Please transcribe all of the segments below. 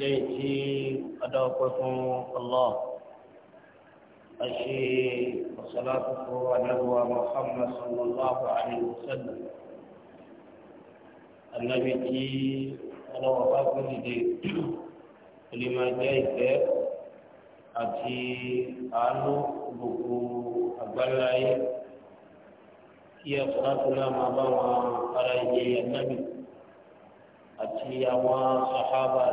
lẹ́yìn tí ọ̀dọ́ ọpẹ́ fún Allah àṣì ọ̀sálàtò fún anáwó Muhammad sallallahu alayhi wa sallam anábì tí ọlọ́wọ́ bá gbé dìde olè máa jẹ́ ìfẹ́ àti àánú gbogbo àgbáláyé kí ọ̀sálàtò náà máa bá wọn ara ìjẹyà nábì àti àwọn sàhábà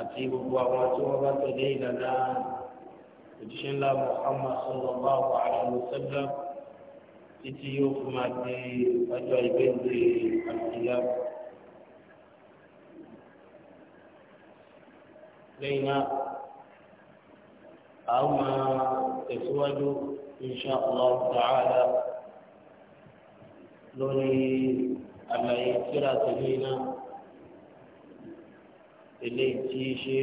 àti gbogbo àwọn tí wọ́n bá tẹ̀lé ìlànà òjíṣẹ́ ńlá Muhammad sallallahu alaihi wasallam títí yóò fún ma di ọjọ́ ìgbéǹde àtìyá. lẹ́yìn náà a máa tẹ̀síwájú insha Allah ta'ala lórí àlàyé tíra tẹ̀lé náà. eléyìí tí í ṣe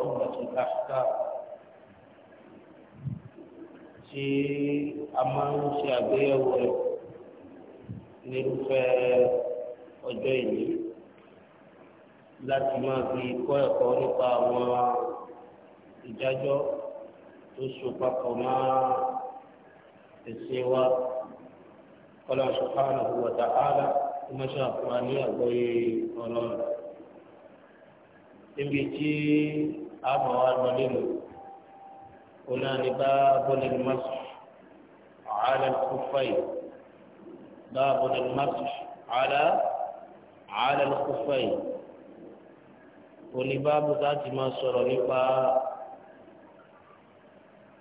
ọmọ tó káfíńtà tí a máa ń ṣe àgbéyẹ̀wò rẹ̀ nírúfẹ́ ọjọ́ ìní láti máa fi kọ́ ẹ̀kọ́ nípa àwọn ìdájọ́ tó so papọ̀ mọ́ ẹ̀sìn wa kọ́lá subhanahu wa ta'ala kó má ṣe àfọwọ́ ní àgbọ̀yé ọlọ́run níbi tí àmọ́ àdọ́lé lò onáni bá bọ́lẹ̀ mọ́sù àálẹ̀ kúfàyè bá bọ́lẹ̀ mọ́sù àálẹ̀ àálẹ̀ kúfàyè oníbàbù láti máa sọ̀rọ̀ nípa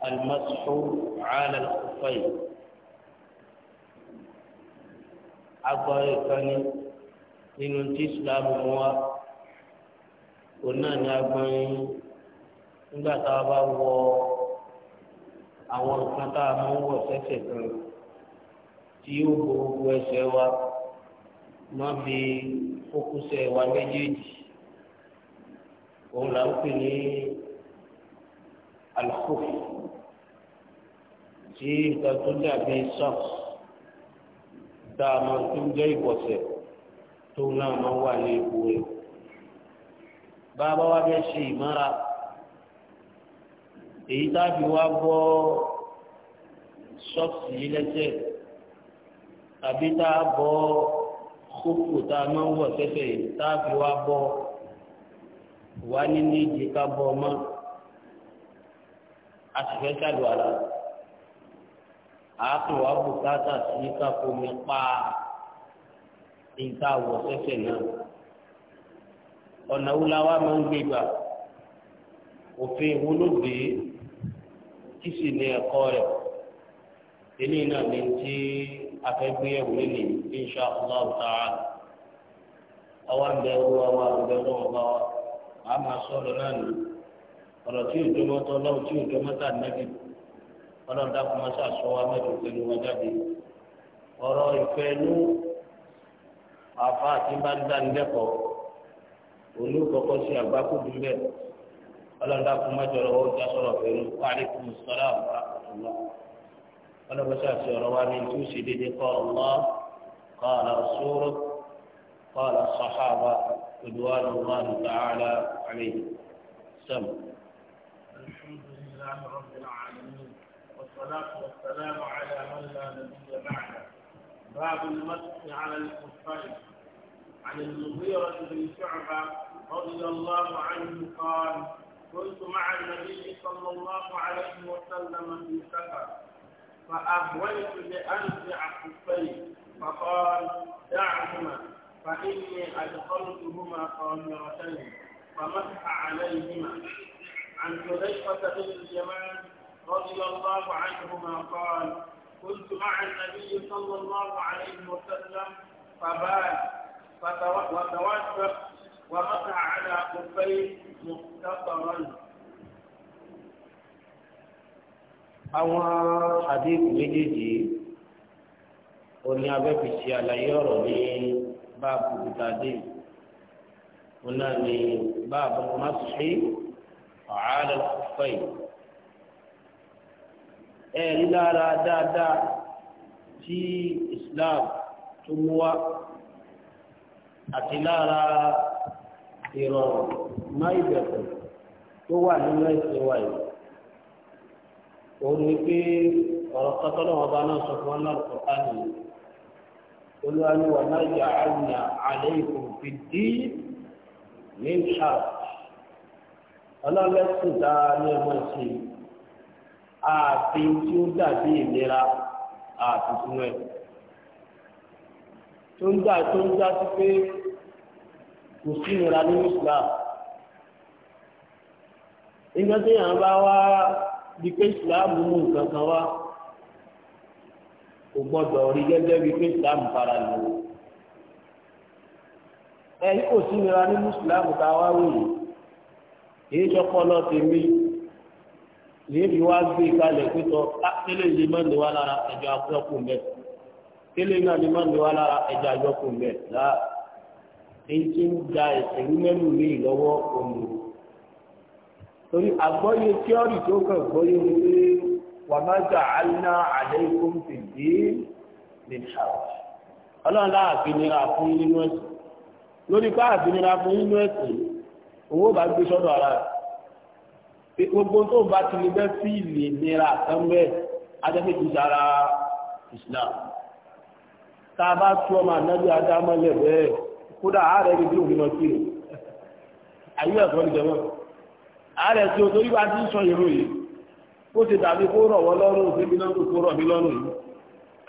alimọ́sù àálẹ̀ kúfàyè agbọ́rẹ̀ kan nínú tí islam mú wa òun náà ní agbọ́nrin nígbà tá a bá wọ àwọn nǹkan tá a máa ń wọ̀ sẹ́sẹ̀ kan tí yóò bo gbogbo ẹsẹ̀ wa má bi kókósẹ̀ wa méjèèjì òun là ń pè ní alkhuf tí nǹkan tó dàbí socks tá máa tún jẹ́ ìbọ̀sẹ̀ tó náà máa wà ní ipò rẹ̀ bàbá wa fẹ́ ṣe ìmọ́ra èyí tábí wa bọ́ ṣọ́ọ̀ṣì yìí lẹ́sẹ̀ tàbí tá a bọ́ kókò tá a máa ń wọ̀ sẹ́sẹ̀ yìí tábí wa bọ́ wa ní ìdí ká bọ́ ọmọ a sì fẹ́ ṣàlù àlà àákùn wa bùkátà sí káfọ́ mi pa ìta wọ̀ sẹ́sẹ̀ náà ọ̀nà wo la wá máa ń gbé gbà òfin wo ló dé kí sì ní ẹ̀kọ́ rẹ̀ eléyìí náà ní ti afẹ́gbéyẹ̀wò lónìí insha allah ta'ala ọwọ́ àgbẹ̀ owó ọwọ́ àgbẹ̀ lọ́wọ́ bá wa màá máa sọ̀rọ̀ náà nù ọ̀rọ̀ tí òjò mọ́tọ́ lọ́wọ́ tí òjò mọ́tà nẹ́bí ọlọ́run dákun máa ṣàṣọ wa mẹ́tò pẹ̀lú wọn jáde ọ̀rọ̀ ìfẹ́ nú àfa àti bá ń dánilẹ́kọ̀ọ́. olú kọ́kọ́ sí àgbákòbí bẹ́ẹ̀ ọlọ́dà má mẹ́jọrọ ó já sọ̀rọ̀ pẹ̀lú wàlíkùn sọ́lá àbúrò ọlọ́dà sàṣì ọ̀rọ̀ wa ní tí ó ṣe déédéé kọ́ ọ̀lá kọ́ọ̀lá sóró kọ́ọ̀lá sàhábà olùwàlú wọn tààlà àlẹ́ sẹ́m. alhamdulillahi rabbil alamin wassalatu wassalamu ala man la nabiyya ba'da babu al-masih ala al-kufar عن المغيرة بن شعبة رضي الله عنه قال كنت مع النبي صلى الله عليه وسلم في سفر فأهويت لأنزع خفي فقال دعهما فإني أدخلتهما طاهرتين فمسح عليهما عن حذيفة بن اليمان رضي الله عنهما قال كنت مع النبي صلى الله عليه وسلم فبات وتوسط ومسح على خفيه مختصرا àwọn àdéhùn méjèèjì ó ní abẹ́ fi ṣe àlàyé ọ̀rọ̀ ní báàbù bùtàdé wọn náà ní báàbù masuhi ọ̀hánà fẹ́ẹ̀ ẹ̀rí lára dáadáa tí Islam tó mú wá àti lára ìrọ̀rùn má ìbẹ̀kù tó wà nínú ẹ̀sìn wa yìí òun ni pé ọ̀rọ̀ kọ́tọ́lọ́wọ́ bá náà sọ fún ọ́nà kùránì olùwàlúwà náà yà á nà àlẹ́ ìkùn fìdí ní ṣáà ọlọ́lẹ́sìn dáa ní ọmọ ìṣe ààfin tí ó dàbí ìlera ààfin fún ẹ̀ tó ń gbà tó ń gbà sí pé kò sí ìnira nínú Islam nígbà tí yàrá bá wá di pé Islam mú nǹkan kan wá kò gbọdọ̀ rí gẹ́gẹ́ bíi pé Islam fara lò ó ẹ̀yìn kò sí ìnira nínú Islam tá a wá wòye èyí sọpọlọ tèmi lèébì wá gbé kalẹ̀ pé tọ́ tẹ́lẹ̀ lè mọ́ ní wá lára ẹ̀jọ̀ àpẹ́kùn bẹ́ẹ̀ tẹ́lẹ̀ náà ni máa ń lo wá lára ẹja àjọkù mẹ́ là èyí tí ń da ẹ̀rú mẹ́rù mi lọ́wọ́ òmù torí àgbọ́yé tíọ́rì tó kàn gbọ́yé ni pé wà má gbà áná àlẹ́ ikú ń fi dé lè ṣàwọ̀ ọlọ́run láà bínira fún nínú ẹ̀sìn lórí pé àbínira fún nínú ẹ̀sìn owó bá gbé sọ́dọ̀ ara rẹ̀ gbogbo tó bá ti lè bẹ́ fíìlì nira àtẹ́wẹ́ adẹ́fẹ́ ti sára Islam tá a bá tú ọmọ ànájú adámọ́ lẹ̀ bẹ́ẹ̀ kódà ààrẹ ni tí òun mọ̀ sí rẹ̀ ayé ẹ̀fọ́ ni jẹ́mọ́ ààrẹ tí o torí bá ti ń sọ ìró yìí ó ti dàbí kó rọ̀ wọ́n lọ́rùn òfin mi lọ́rùn kó rọ̀ mí lọ́rùn yìí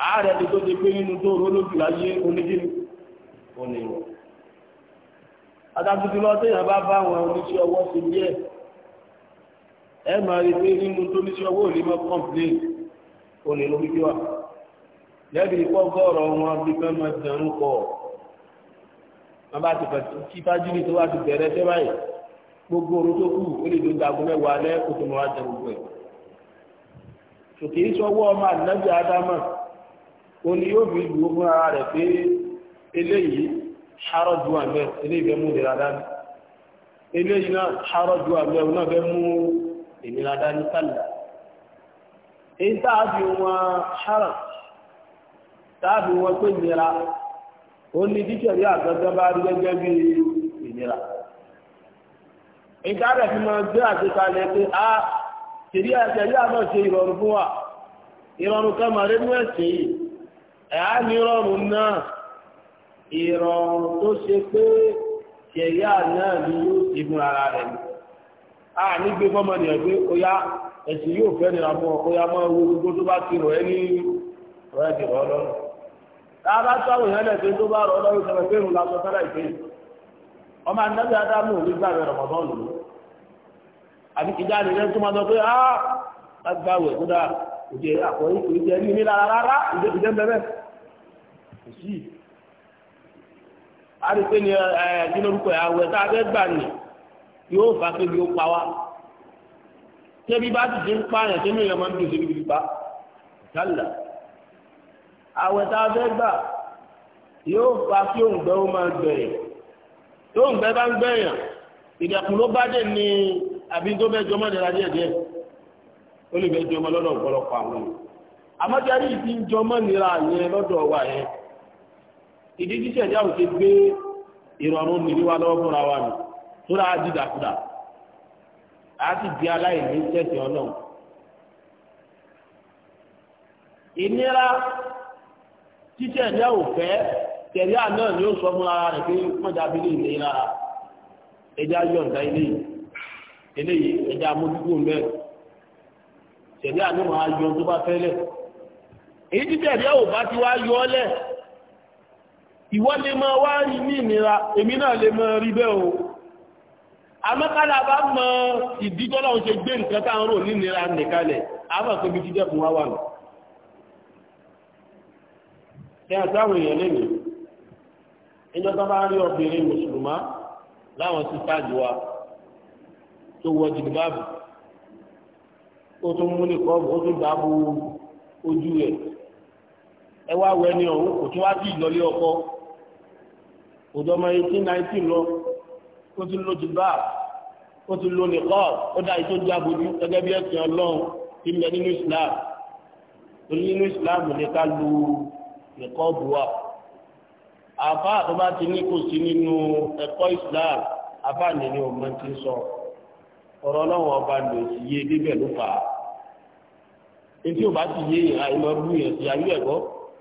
ààrẹ ni tó ti pé nínú tó rọ́ lójú láyé oníjìnnì ó ní ìwọ̀ lọ téèyàn bá bá àwọn oníṣẹ́ ọwọ́ sí díẹ̀ ẹ máa rí pé nínú tó níṣẹ́ ọwọ́ ò mọ́ complain ó lẹ́bi kọ́gọ́rọ̀ wọn bí kán máa dànù pọ̀ wọn bá ti fẹ́ kí fájúlì tó wá ti bẹ̀rẹ̀ ṣẹ́ báyìí gbogbo orun tó kù ó lè lo dagun mẹ́wàá lẹ́ kótó máa dàn gbogbo ẹ̀ sòkè ìṣọwọ́ ọmọ àdínábì ádámà ó ní yóò fi lù ú fún ara rẹ̀ pé eléyìí ṣárọ̀ ju àmẹ́ eléyìí fẹ́ mú ìlera dání eléyìí náà ṣárọ̀ ju àmẹ́ òun náà fẹ́ mú ìlera dání sálà táàbù wọn pé ìnira ó ní díkẹ̀rí àgbẹ̀gbẹ̀ bá rí gẹ́gẹ́ bí ìnira. ìdárẹ̀ fi máa gbé àgbékalẹ̀ pé a ṣèrí àṣẹrí àmọ́ ṣe ìrọ̀rùn fún wa ìrọ̀rùn kan màrí mú yìí ẹ̀ á ní ìrọ̀rùn náà ìrọ̀rùn tó ṣe pé ṣẹ̀yà náà ni yóò ti mú ara rẹ̀ ni. a ní gbé ẹ̀sìn yóò fẹ́ nira fún ọ máa wo gbogbo tó bá ti rọ̀ ẹ́ ní tààbá tó àwọn èèyàn lẹ́sẹ̀ tó bá rọ ọlọ́run sọ̀rọ̀ pé ìrùn lásán sálà ìpè ọmọ anábì adámù ò ní gbà rẹ̀ rọ̀mọ̀dán lò àbí kìjà rẹ̀ lẹ́sẹ̀ tó máa sọ pé á dáa òjè àkọ́rí kò jẹ́ ní lára rárá bẹ́ẹ̀ kò sí. a pé ní ẹ kí tá a fẹ́ gbà ní yóò fà pé yóò pa àwẹ̀ tá a fẹ́ gbà yóò fa kí òǹgbẹ́ ó máa gbẹ̀yìn tó òǹgbẹ́ bá ń gbẹ̀yàn ìdẹ̀kùn ló bá dé ní àbí tó bẹ́ẹ̀ jọmọ́ nira díẹ̀ díẹ̀ ó lè bẹ́ẹ̀ jọmọ́ lọ́dọ̀ ọ̀pọ̀lọpọ̀ àwọn àmọ́ tí a rí ìdí nira yẹn lọ́dọ̀ wa yẹn ìdí tíṣẹ̀ ìyá òṣè gbé ìrọ̀rùn nìrí wa lọ́wọ́ fúnra wa nù tó rà á di dàkúdà á sì di aláìní títẹ̀ ní àwòfẹ́ tẹ̀lé àná ni ó sọ fún ara rẹ̀ pé wọ́n dàbí ní ilé lára ẹja yọ̀ǹda eléyìí eléyìí ẹja amójúgbò mẹ́rin tẹ̀lé àná máa yọ tó bá fẹ́lẹ̀ èyí títẹ̀ ní àwòfá ti wá yọ ọ́ lẹ̀ ìwọ lè máa wá rí ní ìnira èmi náà lè máa rí bẹ́ẹ̀ o amọ́kálà bá mọ ìdíjọ́lọ́run ṣe gbé nǹkan táwọn rò ní ìnira nìkalẹ̀ àbọ̀ tóbi jíjẹ́ fún wa wà nù ṣe àtàwọn èèyàn lẹ́nu ẹjọ́ tó bá rí obìnrin mùsùlùmá láwọn ti táàjù wa tó wọ jìnnìbáàbù ó tún mú nìkan ó tún dáàbò ojú rẹ̀ ẹ wá wẹ ni ọ̀hún kò tún wá sí ìlọlé ọkọ òjò ọmọ eighteen nineteen lọ ó ti lo jìnnìbáàbù ó ti lo nìkan ó dá ètò ìjábòjú gẹ́gẹ́ bí ẹ̀sìn ọlọ́run ti ń bẹ nínú Islam nínú Islam ní ká lu nìkan bù wà. àfa tó bá ti ní kò sí nínú ẹ̀kọ́ Islam afa nìyí o máa ti sọ ọ̀rọ̀ ọlọ́wọ́ ọba lò sí yé débẹ̀ ló fà á. etí o bá ti yé yẹn àìmọ bú yẹn sí ayé ẹ̀kọ́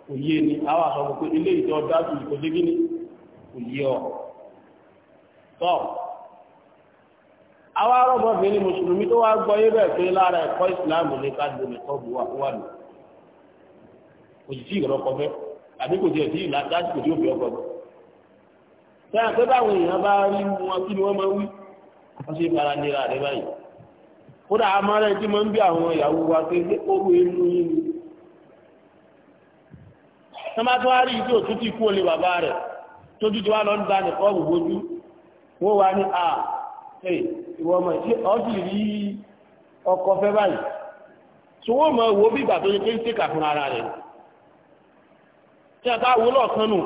kò yé ni àwọn àsọmọ pé eléyìí tó dá sí ìkọjé kí ni kò yé ọ. tọ́ àwọn arọ́bọ̀bìnrin mùsùlùmí tó wá gbọ́ yébẹ̀ pé lára ẹ̀kọ́ ìsìláàmù ní ká lómi tọ́ bù wà lò kò sì sí ìrọ́kọ bẹ́ẹ̀ àbí kò tiẹ̀ sí ìlà lásìkò tí ó fi ọkọ̀ lọ. sẹ́yìn pé báwọn èèyàn bá rí wọn kí ni wọ́n máa wí wọ́n ṣe fara nira rẹ báyìí. kódà amárẹ́ tí máa ń bí àwọn ìyàwó wa pé ó ru inú yín ni. sọ́mà tó wá rí ibi òtútù ikú olè bàbá rẹ̀ tójú tí wàá lọ ń da nìkan gbogbo wọ́n wá ní a ìwọ ọmọ ìṣe ọ́sì rí ọkọ̀ fẹ́ báyìí. sọ wọ́n mọ̀ wo bí ìgbà tó ṣe pé ń fún ara rẹ̀ tí a bá wo lọ́ọ̀kan nù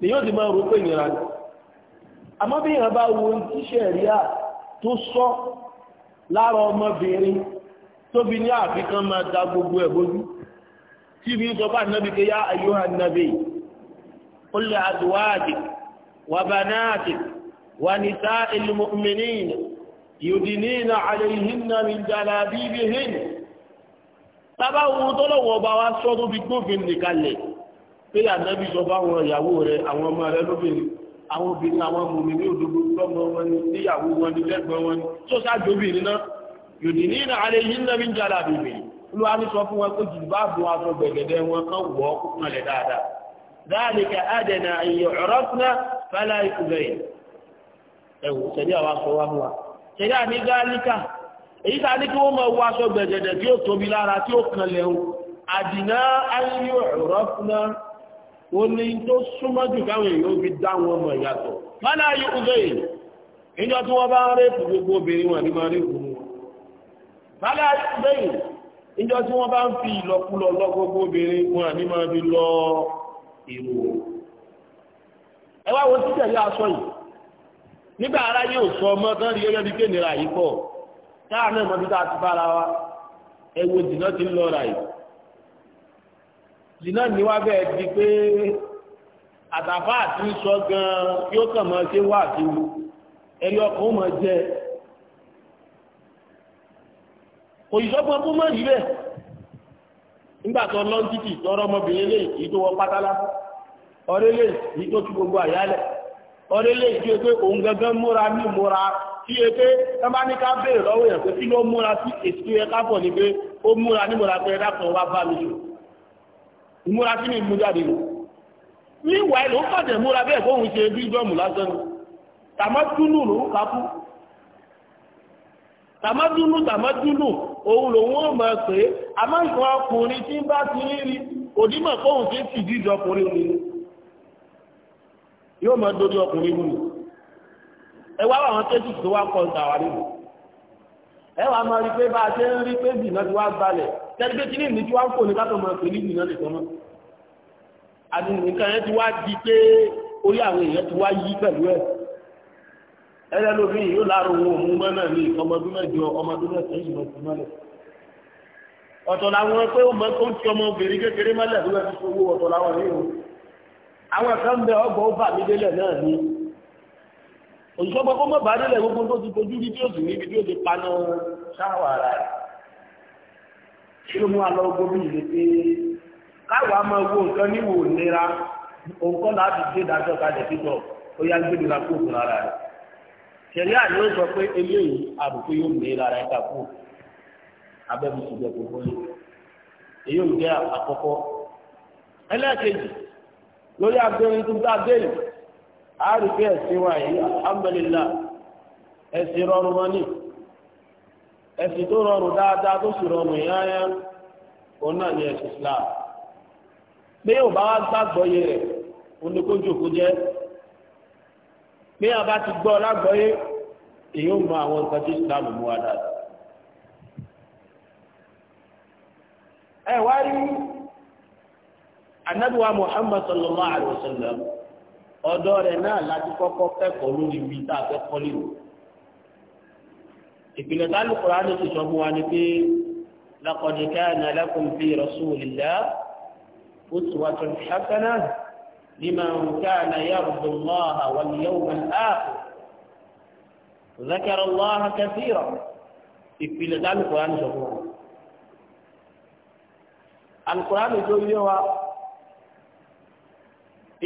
lèyàn ti máa rò pé ìnira ni àmọ́ bí èèyàn bá wo tíṣẹ̀ rí à tó sọ lára ọmọbìnrin tóbi ní àfikán máa da gbogbo ẹ̀ bójú tí ibi ń sọ bá nàbí ké yá ayóhà nàbí qul li azwajik wa banatik wa nisa'il mu'minin yudnina alayhinna min jalabibihin tábà wo tó lọ́wọ́ ọba wa sọ tó fi gbófin nìkalẹ̀ pé ànábì sọ bá àwọn ìyàwó rẹ àwọn ọmọ rẹ lóbìnrin àwọn obìnrin àwọn mòmí ní òdòdó lọ́mọ wọn ni níyàwó wọn ni lẹ́gbọ̀n wọn ni tó ṣáájú obìnrin náà yòdì ní ìrìn àárẹ̀ yìí náà ń jára bèbè olúwa ní sọ fún wọn pé jù bá bu aṣọ gbẹ̀gẹ̀dẹ̀ wọn kan wọ̀ ọ́ kúkan lẹ̀ dáadáa dáàlìkà àdẹ̀nà àyè ọ̀rọ̀ fúnná fẹ́lá ìkùlẹ̀ yìí ẹ̀wò tẹ̀lé àwa sọ wa tẹ̀lé àní dáàlìkà èyí tá a ní kí wọ́n máa wọ aṣọ gbẹ̀gẹ̀dẹ̀ tí ó tóbi lára tí ó kanlẹ̀ o àdìná ayé ọ̀rọ̀ fúnná ó ní tó súnmọ́ jù káwọn èèyàn fi dá wọn mọ̀ yàtọ̀ mọ́nà ayé kúndé yìí níjọ́ tí wọ́n bá ń rẹ́pù gbogbo obìnrin wọn ní máa rẹ́pù wọn mọ́nà ayé kúndé yìí níjọ́ tí wọ́n bá ń fi ìlọ́kulọ̀ lọ gbogbo obìnrin wọn ní máa fi lọ ìrù ẹ wá wo títẹ̀lé aṣọ yìí nígbà táà náà mọ̀tò tá a ti bára wa ewu wo jìnnà ti ń lọ́ra yìí jìnnà ni wá bẹ́ẹ̀ di pé àtàfà àti sọ gan-an yóò kàn máa ṣe wá àti wù ẹ̀rí ọkàn ó máa jẹ òyìnbọn tó máa yí bẹ́ẹ̀ nígbà tó lọ́n títì tọrọ ọmọbìnrin lè yí tó wọ pátálá ọ̀rẹ́ lè yí tó tú gbogbo àyálẹ̀ ọ̀rẹ́ lè yí tó pé òun gangan múra ní múra iye pé wọ́n bá ní ká béèrè lọ́wọ́ èèyàn pé kí ló múra sí èsì ẹ kápọ̀ ní pé ó múra nímúra pé ẹ̀dá kan wá bá mi lò ìmúra sí mi mú jáde lò níwàá ìlú kọ̀dẹ̀ múra bẹ́ẹ̀ bóun ṣe bí jọ́ọ̀mù lásán ni tàmọ́dúnú lòún kápú tàmọ́dúnú tàmọ́dúnú òun lòun ò mọ̀ pé amáǹkan ọkùnrin tí ń bá ti ń rí onímọ̀ fóun ṣe fìdí ìjọkùnrin mi yóò mọ̀ dojú ọkùnrin mi ẹ wá àwọn kéjì tó wá kọ́ ìtàwà nínú ẹ wà máa rí pé bá a ṣe ń rí pé bìnà ti wá balẹ̀ tẹ́lí pé kíní ìní tí wá ń kò ní ká tó máa pè ní bìnà nìkan náà àti nǹkan yẹn ti wá di pé orí àwọn èèyàn ti wá yí pẹ̀lú ẹ̀ ẹlẹ́lómi yóò láàrọ̀ ohun òun mọ́ náà ní ọmọdún mẹ́jọ ọmọdún mẹ́jọ ìmọ̀ sí mọ́lẹ̀ ọ̀tọ̀ làwọn pé ó mọ́ tó ń ti ọmọ obìnrin kékeré mọ́lẹ̀ tó lọ́ òṣìṣẹ́ pé kó mọ̀ bá nílẹ̀ gbogbo tó ti fojú rí bí ó sì níbi bí ó ti paná ṣáwà rà rẹ̀ kí ló mú alọ́ gbóbi ìlé pé káwàá máa wo nǹkan níwò nira òǹkọ́ láti gbé dájọ́ kalẹ̀ títọ̀ ó yá gbé nira kó fún ara rẹ̀ ṣẹ̀rí àná sọ pé eléyìí àbùkù yóò nira rẹ̀ ká kú abẹ́mu sì jẹ́ gbogbo yìí èyí ò jẹ́ àkọ́kọ́ ẹlẹ́ẹ̀kejì lórí abẹ́rin tó gbá abẹ́rin àárí bí ẹ̀sìn wa yìí alhamdulillah ẹ̀sìn rọrùn wọn ni ẹ̀sìn tó rọrùn dáadáa tó sì rọrùn yáyá òun náà ni ẹ̀sìn Islam pé ò bá gbàgbọ́ yé rẹ̀ oníkójú kó jẹ́ pé àbá ti gbọ́ lágbọ́yé èyí ó mọ àwọn nǹkan tí Islam mú wa dáadáa. ẹ wá rí anabiwa Muhammad sallallahu alayhi wa sallam ọ̀dọ̀ rẹ̀ náà láti kọ́kọ́ kẹ́kọ̀ọ́ lórí ibi tá a fẹ́ kọ́lé o ìpìlẹ̀ tálùkùrá ní ti sọ fún wa ni pé laqad kana lakum fi rasulillahi uswatun hasanah liman kana yarju Allaha wal yawmal akhir zakara Allaha kathira ìpìlẹ̀ tálùkùrá ní sọ fún wa alukùrá ní tó yé wa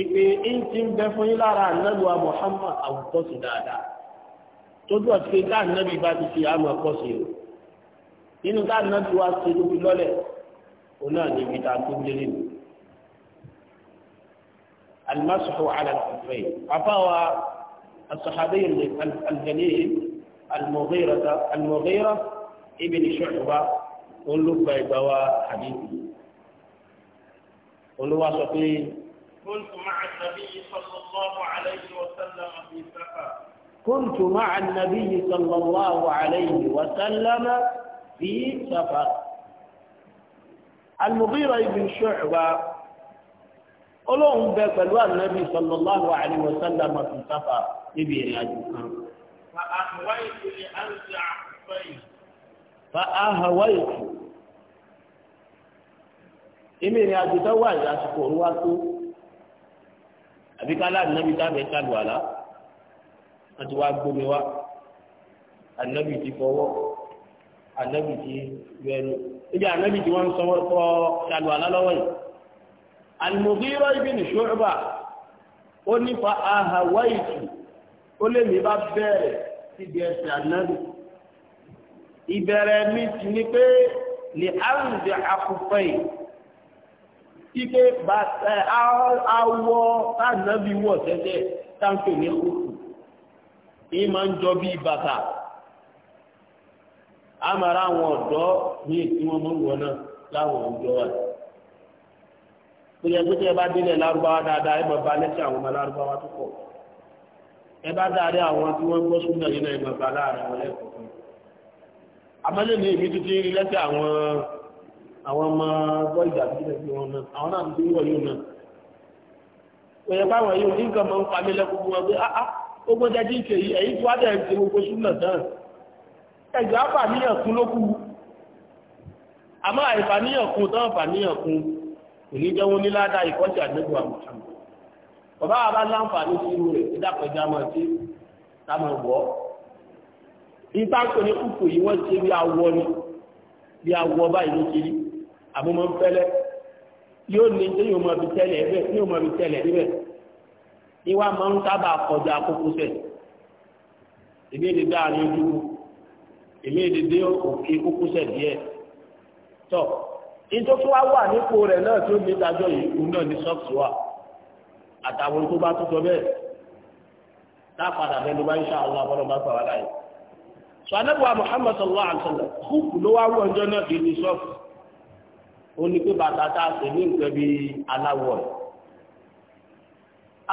ìpè ìǹtí ń bẹ fún yín lára ànábìwá Muhammad àwòkọ́sì dáadáa tójú ọ̀tí pé tá ànábì bá ti ṣe àmọ́ ọ̀kọ́sì o nínú tá ànábì wá ṣe lóbi lọ́lẹ̀ òun náà níbi tá a tó lé nínú. المسح على الخفين ففوى الصحابي الجليل المغيرة المغيرة ابن شعبة قل له بيبوا حديثي قل له كنت مع النبي صلى الله عليه وسلم في سفر كنت مع النبي صلى الله عليه وسلم في سفر المغيرة بن شعبة قلوهم بقلوا النبي صلى الله عليه وسلم في سفر يبير فأهويت لأنزع حسين فأهويت إمير يا جدوى يا شكور واتو àbí ká láàrin nábì tá a fẹ́ sàlù àlá wọ́n ti wá gbómi wá ànábì ti fọwọ́ ànábì ti gbẹnu ibi ànábì tí wọ́n ń sọ fọ́ sàlù àlá lọ́wọ́ yìí Al-Mughira ibn Shu'ba ó ní fa ó lé mi bá bẹ̀rẹ̀ síbi ẹsẹ̀ ànábì ìbẹ̀rẹ̀ mi ti ní pé lè àrùn jẹ́ akọ̀fẹ́ yìí ike awọ tánàbí wọ̀ tẹ́tẹ́ táǹkì ní òkú èyí máa ń jọ bí bàtà a máa àwọn ọ̀dọ́ ní ètí wọn mọ́ wọn náà láwọn òjò wa tóyẹ tó tẹ bá délẹ̀ lárúbáwá dáadáa ẹ máa bá lẹ́sẹ̀ àwọn ọmọ lárúbáwá tó pọ̀ ẹ bá dáadé àwọn tí wọ́n ń gbọ́ súnmọ́ yìí náà ẹ máa bá láàrin wọn lẹ́kọ̀ọ́ kan àmọ́ lè ní èmi tuntun rí lẹ́sẹ̀ àwọn àwọn ọmọ gbọ́ ìjà tó tẹ̀sí wọn náà àwọn náà ti wọ̀ yóò náà òye báwọn yóò ní nǹkan máa ń pamí lẹ́kọ̀ọ́ wọn pé áá ah, gbogbo ah, jẹ́jí ìṣe yìí ẹ̀yìn tí wá dẹ̀ ṣe gbogbo súnà náà ẹ̀jọ̀ àfàníyàn kún ló kù àmọ́ àìfàníyàn kún tán àfàníyàn kún kò ní jẹ́ wọn ní ládà ìkọ́sí bí awọ báyìí ló ṣe àmúmọ́ fẹ́lẹ́ yóò ní tí yóò máa fi tẹ́lẹ̀ ẹ̀bẹ̀ yóò máa fi tẹ́lẹ̀ níbẹ̀ ìwà máa ń sábà kọjá àkókò sẹ̀ èmi èdè dáa ní ojú èmi èdè dé òkè kókó sẹ̀ díẹ̀ tọ́ nítorí wá wà nípò rẹ̀ náà tí ó ní ìdájọ́ yìí òun náà ní sọ́ọ̀sì wà àtàwọn tó bá tó sọ bẹ́ẹ̀ lápadà bẹ́ẹ̀ ló bá ń ṣe àwọn abọ́dọ̀ bá gbà wá láyé. sọ anábọ̀ Muhammad sallallahu alaihi wasallam kúkú ló wá wọ̀ ọjọ́ náà kì í ní sọ́ọ̀sì ó ní pé bàtà tá a sì ní nǹkan bí aláwọ̀ rẹ̀.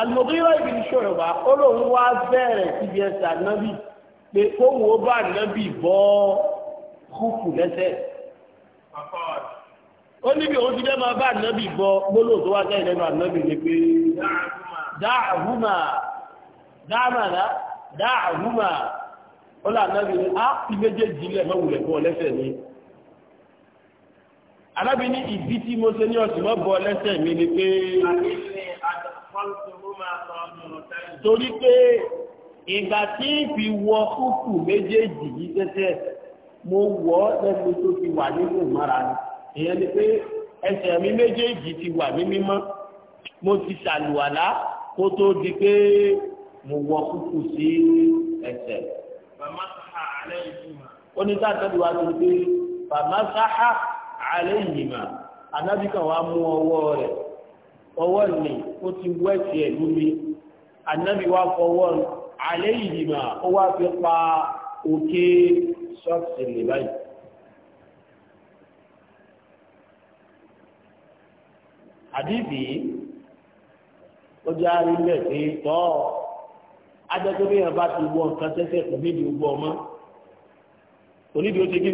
Al-Mughira ibn Shu'ba ó lóun wá bẹ̀rẹ̀ síbi ẹsẹ̀ ànábì pé kóhùn ó bá ànábì bọ́ kúkú lẹ́sẹ̀. ó níbi òun ti dẹ́nu bá ànábì bọ́ gbólóhùn tó wá sẹ́yìn lẹ́nu ànábì ni pé dáàhùmà dáàmàdá dáàhùmà ó là ànábì ni á ah, ti méjèèjì lẹ̀ mọ́wulẹ̀ bọ́ lẹ́sẹ̀ ni alábìíní ìdí tí mo ṣe ní ọ̀sìn mọ́ bọ́ lẹ́sẹ̀ mi ni pé torí pé ìgbà tí fi wọ kúkú méjèèjì yìí tẹ́tẹ́ mo wọ̀ ọ́ tó fi wà nínú ìmọ̀ra ni ìyẹn ni pé ẹsẹ̀ mi méjèèjì ti wà ní mímọ́ mo ti ṣàlùwàlá kó tó di pé mo wọ kúkú sí ẹsẹ̀. bàmá sáà alẹ́ ìtumọ̀. ó ní sáà tẹ́lẹ̀ wá sí pé bàmá sáà àlẹ́yìnmá anábìkan wa mú ọwọ́ rẹ̀ ọwọ́ ni ó ti wẹ́ẹ̀tì ẹ̀ lómi anábì wa fọwọ́ àlẹ́yìnmá ó wá fi pa òkè ṣọ́ọ̀ṣì lè báyìí. àdìbì ó jẹ́ àrílẹ̀ pé tọ́ adẹ́gbẹ́bí yẹn bá ti wọ nǹkan tẹ́tẹ́ kò nídìí gbọ́ ọmọ kò ó ti kí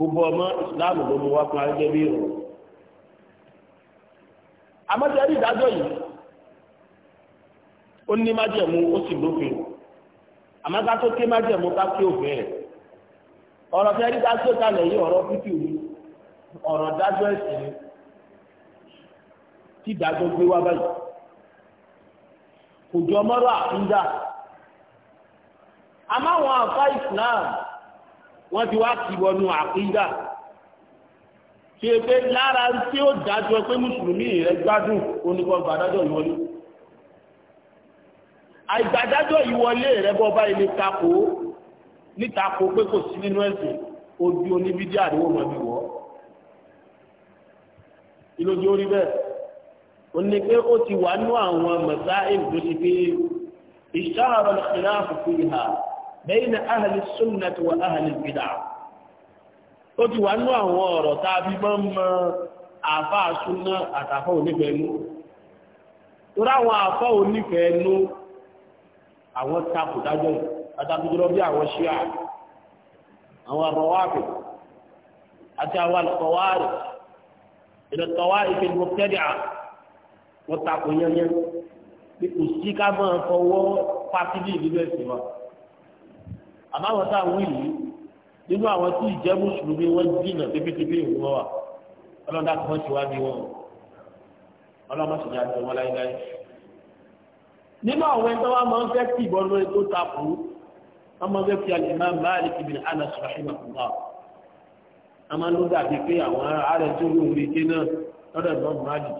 gbogbo ọmọ ìsìláàmù ló mú wá fún ayé bí ìrọ̀ amọ́tẹ́rì ìdájọ́ yìí ó ní májẹ̀mú ó sì lófin àmọ́ká tó ké májẹ̀mú ká ké òfin rẹ̀ ọ̀rọ̀ tẹ́rí yìí fífi tí dájọ́ gbé wá báyìí kò jọ mọ́rọ̀ àfíńdà àmọ́ àwọn àfa wọ́n ti wá kì wọnú àkídà ṣe pé lára tí ó dájọ́ pé mùsùlùmí rẹ̀ gbádùn onígbọ́n gbàdájọ́ ìwọlé àìgbàdájọ́ ìwọlé rẹ̀ bọ́ bá ilé takò nítako pé kò sí nínú ẹ̀sìn ojú oníbídí àdéhùn ọmọ mi wọ́ ìlójú orí bẹ́ẹ̀ ó ní pé ó ti wà nú àwọn mọ̀sá èbùdó ti pé ìṣàrọ̀ ìṣẹ́lá àfòfin ìhà bẹ́yìn ahàlì sunnati wa ahàlì bidà ó ti wà nú àwọn ọ̀rọ̀ tá a fi mọ́ mọ́ àfá súnná àtàfá onífẹ̀ẹ́nú torí àwọn àfá onífẹ̀ẹ́nú àwọn takùdájọ́ àtàkùdúró bí àwọn ṣíà àwọn àrọwáàfẹ́ àti àwọn wọ́n takù yẹnyẹn bí wọn àmọ́ àwọn tá à ń wí yìí nínú àwọn tí ìjẹ́ mùsùlùmí wọ́n jìnnà tẹ́bítẹ́bí ìwọ́n wà ọlọ́dà kan ti wá bí wọn ọlọ́mọ sì já jọ wọn láéláé nínú àwọn ẹgbẹ́ wa máa ń fẹ́ kí ìbọn lórí tó takò wọ́n máa ń fẹ́ kí Al-Imam Malik ibn Anas rahimahullah a máa ń ló dàbí pé àwọn ará tó lóun lè dé náà lọ́dọ̀ ìbọn Malik